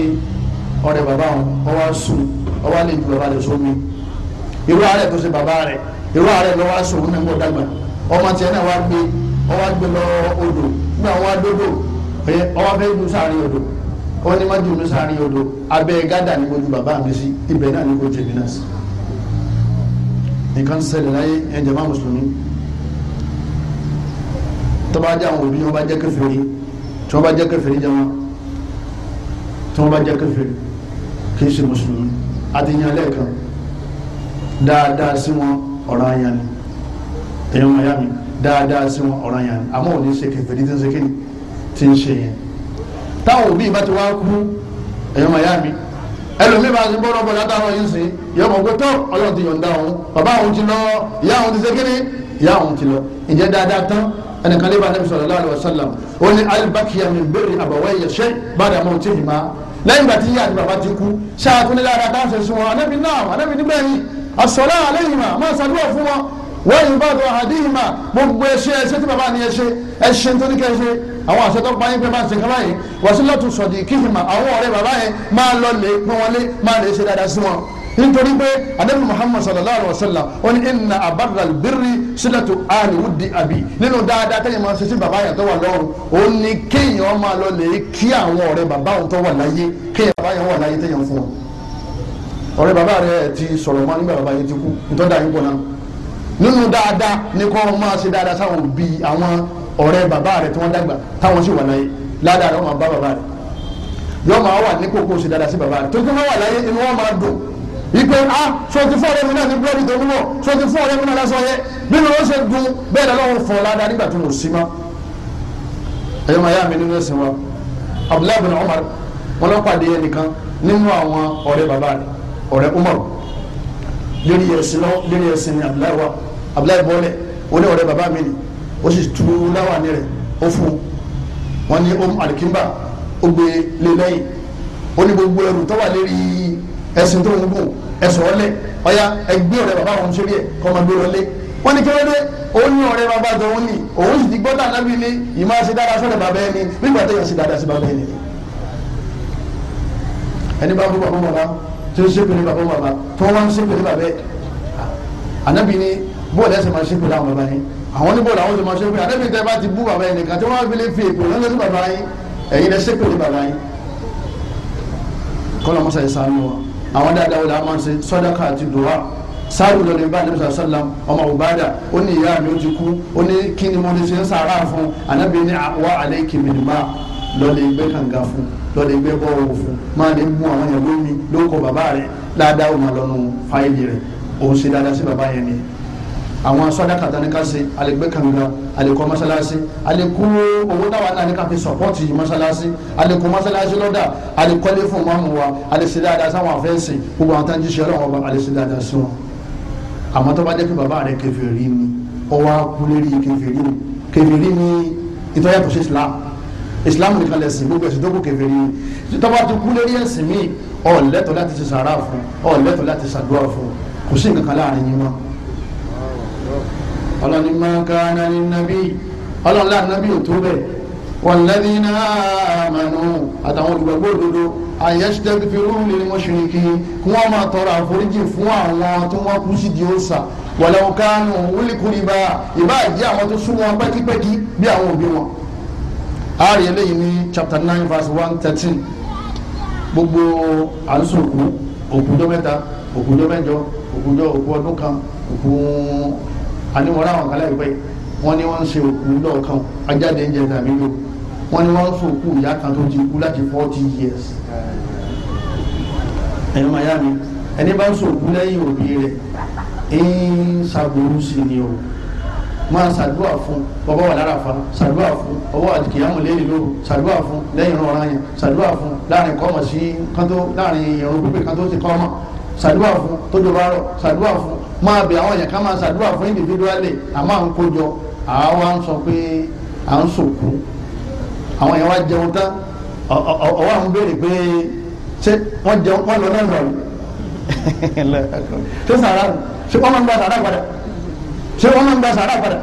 ọ̀rẹ́ bàbá wọn ọ wá sùn ọ wá lè ju bàbá rẹ̀ sómi irú àárẹ̀ tó ṣe bàbá rẹ̀ irú àárẹ̀ ló wá sùn ní gbọ́dọ̀ dàgbà ọmọ tiẹ̀ náà wá gbé ọ wá gbé lọ odò nígbà wọn wá dódò ọwọ́ fẹ́ẹ́ ju sáré odò ó ní má jùlọ sáré odò abẹ́ gádà ní kojú bàbá mi sí ibẹ̀ náà ní kojú èmi náà sí. nǹkan ṣẹlẹ̀ láyé ẹ̀ jẹ́ máa mùsùlùmí tó bá jẹ́ àwọn òbí wọn bá jẹ́ kèfèrí tí wọ́n bá jẹ́ kèfèrí jẹ́ wọn tí wọ́n bá jẹ́ kèfèrí kì í ṣe mùsùlùmí àti yan lẹ́ẹ̀kan dáadáa sí wọn ọ̀ràn àyàn ni èèyàn miami dáadáa sí wọn ọ̀ràn àyàn ni àmọ́ òní ṣe kèfèrí tí ń ṣe kí ni tí ń ṣe yẹn táwọn òbí bá ti wá kú ẹ̀yọ́ màá yá mi ẹlòmíì bá ti bọ́dọ̀ bọ́dọ̀ látàwọn yìí sìn yọ mọ̀ pé tó ọlọ́run ti yọ̀ǹda òun bàbá òun ti lọ ìyá òun ti ṣe kíni ìyá òun ti lọ ìjẹ́ dáadáa tán ẹnìkan lè ba anabi sallallahu alaihi wasallam ó ní alibakiya mi bèrè àbàwọ̀ ẹ̀yẹ ṣẹ́ bàdà mọ̀ tí ì má lẹ́yìn ìgbà tí ìyá àti bàbá ti kú ṣáà tún nílẹ̀ ara dáhùn ṣe sún wọn anabi náà anabi nígbà yìí àṣọlá àlẹ́ yìí mà máa ṣàdúrà fún wọn wọ́n yìí bá dùn àdéhìmá gbogbo ẹṣẹ ẹṣẹ tí bàbá ni ẹṣẹ ẹṣẹ nítorí kẹṣẹ àwọn àṣẹ tó pa yín pé máa ń sìnkà báyìí wasilatu sadiqihima àwọn ọ̀rẹ́ bàbá yẹn máa lọ lè pín wọn lé máa lè ṣe dáadáa sí wọn nítorí pé adébí muhammad sallallahu alaihi wa sallam ó ní inna abarra albirri silatu ahli nínú dáadáa tẹ́yìn máa ṣe sí bàbá nínú dáadáa ni kò máa ṣe dáadáa sáwọn òbí àwọn ọ̀rẹ́ bàbá rẹ̀ tí wọ́n dàgbà táwọn sì wà láyé ládàá rẹ̀ wọ́n máa bá bàbá rẹ̀ yọ máa wà nípò kó ṣe dáadáa sí bàbá rẹ̀ tó kí wọ́n wà láyé inú wọn máa dùn ipe a so ti fún ọ̀rẹ́ mi náà ní búrẹ́dì tó ń wọ̀ so ti fún ọ̀rẹ́ mi náà lásán yẹ nínú ló ṣe dùn bẹ́ẹ̀ lọ́wọ́ fọ̀ ládàá nígbà tó ń sí mọ́ ẹ̀yọ́ máa yá mi nínú ẹ̀sìn wa Abdullahi bin Umar wọn lọ́ pàdé ẹnìkan nínú àwọn ọ̀rẹ́ bàbá rẹ̀ ọ̀rẹ́ Umar lérí ẹ̀sìn lọ lérí ẹ̀sìn ni abdullahi wa abdullahi bọ́lẹ̀ ó ní ọ̀rẹ́ bàbá mi ni ó sì tú láwà ní rẹ̀ ó fún un wọn ní om umm alikimba ó gbé lé lẹ́yìn ó ní gbogbo ẹrù tó wà lérí ẹ̀sìn tó ń bò ẹ̀sìn ọ̀lẹ̀ ọ̀ya ẹgbẹ́ ọ̀rẹ́ bàbá òun sórí ẹ̀ kọ́ ọmọ gbé wọlé wọ́n ní kílódé òun ní ọ̀rẹ́ bàbá tòun ní òun sì ti gbọ́ tà lábí ní ìmọ̀ ṣe dára sọ́dọ̀ bàbá ẹni nígbà tó yẹ ṣe dáadáa sí bàbá ẹni ẹni bá fún bàbá mọ̀ náà tó ń ṣépè ní bàbá bàbá tó wá ń ṣépè ní bàbá ẹ̀ ànábì ni bóòlù ẹsẹ̀ máa ṣépè láwọn bàbá yẹn àwọn ní bóòlù àwọn ṣe máa ṣépè ànábì tẹ́ bá ti bú bàbá yẹn nìkan tí wọ́n fi lè fi èpè lọ́nà sí bàbá yẹn ẹ̀yin lẹ ṣépè ní bàbá yẹn kọ́lọ́ mọ́sá yẹn sànú wa àwọn dáadáa wọlé àwọn ṣe sọ́dáka àti dùwà sáàrù lọ ní báyìí nípa sàlám ọmọ òbáàdà ó ní ìyá mi ó ti kú ó ní kí ni mo ní ṣe ń sàárà fún ànábì ní àlẹ́ ìkìmìnìmá lọ́ọ́ lè gbé fún lọ́dẹ gbé bọ́ owó fún máa lè mú àwọn èèyàn lómi lóko bàbá rẹ̀ dáadáa ó máa lọ́nu fáìlì rẹ̀ òun ṣe dáadáa sí bàbá yẹn ni àwọn sọdáka tani ká ṣe alẹgbẹ kanura alẹkọ masalasi alẹkọ owó táwa náà ni ká fi sọpọtì masalasi alẹkọ masalasi lọdà alẹkọlẹ fún mọmú wa alẹsẹ dáadáa sáwọn afẹnsẹ gbogbo àwọn tán jíṣẹ Ọlọ́run ọba alẹsẹ dáadáa sí wọn àmọ́ tó bá jẹ kí bàbá rẹ kèfèrí ni ọwọ akúlérí kèfèrí kèfèrí ni ìtọ́yàtọ̀ sí Islam islam nìkan lẹ̀sìn gbogbo ẹ̀sìn tó kù kẹfẹ́ rí i tó bá ti kú lórí ẹ̀sìn míì ò lẹ́tọ̀ láti ṣe sàrà fún ò lẹ́tọ̀ láti ṣàdúrà fún kò sí nǹkan láàrin yín mọ́. ọlọ́ni máa ka nani nabi ọlọ́ni láàrin nabi ò tó bẹ́ẹ̀ wàlẹ́dínà àmàlù àtàwọn olùgbàgbọ́ òdodo àyẹ́sítẹ́fìrú lè wọ́n ṣìrìkì kí wọ́n máa tọrọ àforíjì fún àwọn tó wọ́n kú sí di òòṣà wàlẹ́wọ̀n kánú wílíkùrìbá ìbá àjẹ́ àwọn tó sún wọn pẹ́kípẹ́kí bí àwọn òbí wọn a eléyìí ní chapter nine verse one thirteen gbogbo àlùsòkù òkùnjọ mẹ́ta òkùnjọ mẹ́jọ òkùnjọ òkú ọdún kan òkú àníwọ̀n àwọn kan láìpẹ́ wọ́n ní wọ́n ń ṣe òkú lọ́ọ̀kan ajáde ń jẹ tàbí lò wọ́n ní wọ́n ń fòkú ìyá kan tó ti kú láti forty years ẹ̀yin màyá mi ẹni bá ń sòkú lẹ́yìn òbí rẹ̀ ń ṣàbòrú sí ni o máa ṣàdúrà fún bàbá wà lára fa ṣàdúrà fún ọwọ́ àtìkìyàmù lẹ́yìn lóru ṣàdúrà fún lẹ́yìn ọ̀ràn yẹn ṣàdúrà fún láàrin kọ́mọ̀ sí kántó láàrin ìrun pípé kántó ti kọ́mọ̀ ṣàdúrà fún tójú bá rọ ṣàdúrà fún máa bẹ àwọn yẹn ká máa ṣàdúrà fún individually àmọ́ à ń kójọ àwa ń sọ pé à ń sòkú àwọn yẹn wá jẹun tán ọwọ́ àwọn béèrè pé ṣé wọ́n jẹun wọ́n lọ náà lọ ṣé wọn máa ń gba sàrà padà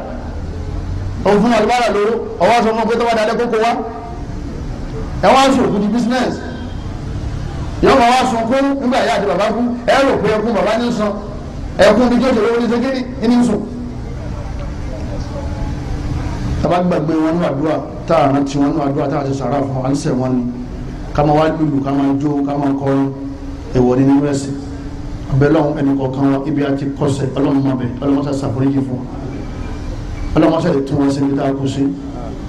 òun fún alùbárà lóró ọwọ́ sọ fún pẹ́tọ́ wà dalẹ́ kókó wa ẹ wá sùn kú di business yóò máa wá sunkún nígbà yá àti bàbá kú ẹ rò pé ẹkún bàbá ní sàn ẹkún bí jòjòló ní sẹkẹrì ní sùn. tàbá gbàgbé wọn ní àdúrà tá a rántí wọn ní àdúrà tá a ti sàrà fún àníṣe wọn ni ká máa wá lùlù ká máa jó ká máa kọrin èèwọ̀ ní nígbà ẹ̀sìn abẹ́lọ́hún ẹnì kọ̀ọ̀kan wọn ibi àti kọsẹ̀ ọlọ́run mọ̀ bẹ́ẹ̀ ọlọ́run sá ṣàforíjì fún ọlọ́run sá lè tún wọn síbi tá a kú sí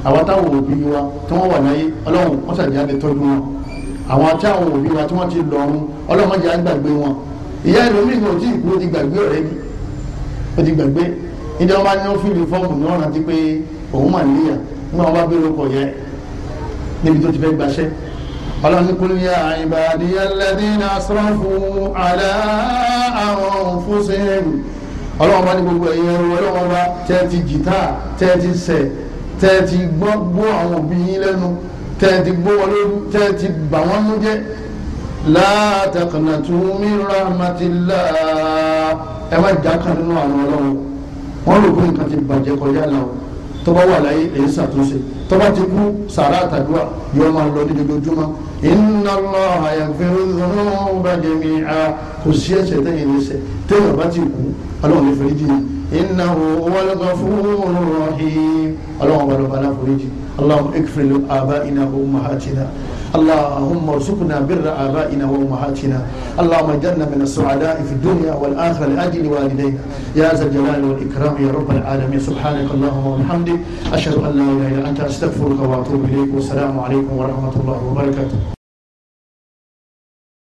àwa táwọn òbí wa tí wọ́n wà láyé ọlọ́run wọ́n sàjà lè tọ́jú wọn àwọn tí àwọn òbí wa tí wọ́n ti lọ́run ọlọ́run jẹ́ àgbàgbé wọn ìyá ìlòmíì ni òtí ìkú ó ti gbàgbé ọ̀rẹ́ mi ó ti gbàgbé níjẹ́ wọn bá ní ọ́fíìlì fọ́ọ̀mù ní ọ̀ràn ti pé òun mà níyà nígbà wọn bá bẹ̀rẹ̀ ọkọ̀ yẹ níbi tó ti fẹ́ gbaṣẹ́ ọlọ́nìkúlù yá ibadiya alladhina asrafu على anfusihim ọlọ́wọ́n bá ní gbogbo ẹ̀yẹ ọlọ́wọ́n bá tẹ́ ti jìtá tẹ́ ti sẹ̀ tẹ́ ti gbọ́ àwọn òbí yín lẹ́nu tẹ́ ti gbọ́ wọn lórí tẹ́ ti bà wọ́n mú jẹ́ la taqnatu min ẹ má jákàn nínú àwọn ọlọ́wọ́ wọn lò pé nǹkan ti bàjẹ́ kọjá làwọn tọ́ba wà láyé èyí ṣàtúnṣe tọ́ba ti kú sàrà àtàdúrà yóò máa lọ ní dojoojúmọ́ inna Allaha yaghfiru dhunuba jami'a kò sí ẹ̀ṣẹ̀ tẹ́yìn ní ṣẹ̀ tẹ́yìn bá ti kú ọlọ́run ní foríjì innahu huwal ghafurur rahim ọlọ́run bá lọ́ba láforíjì. اللهم اغفر لآبائنا وأمهاتنا اللهم ارزقنا بر آبائنا وأمهاتنا اللهم اجعلنا من السعداء في الدنيا والآخرة لأجل والدينا يا ذا الجلال والإكرام يا رب العالمين سبحانك اللهم وبحمدك أشهد أن لا إله إلا أنت أستغفرك وأتوب إليك والسلام عليكم ورحمة الله وبركاته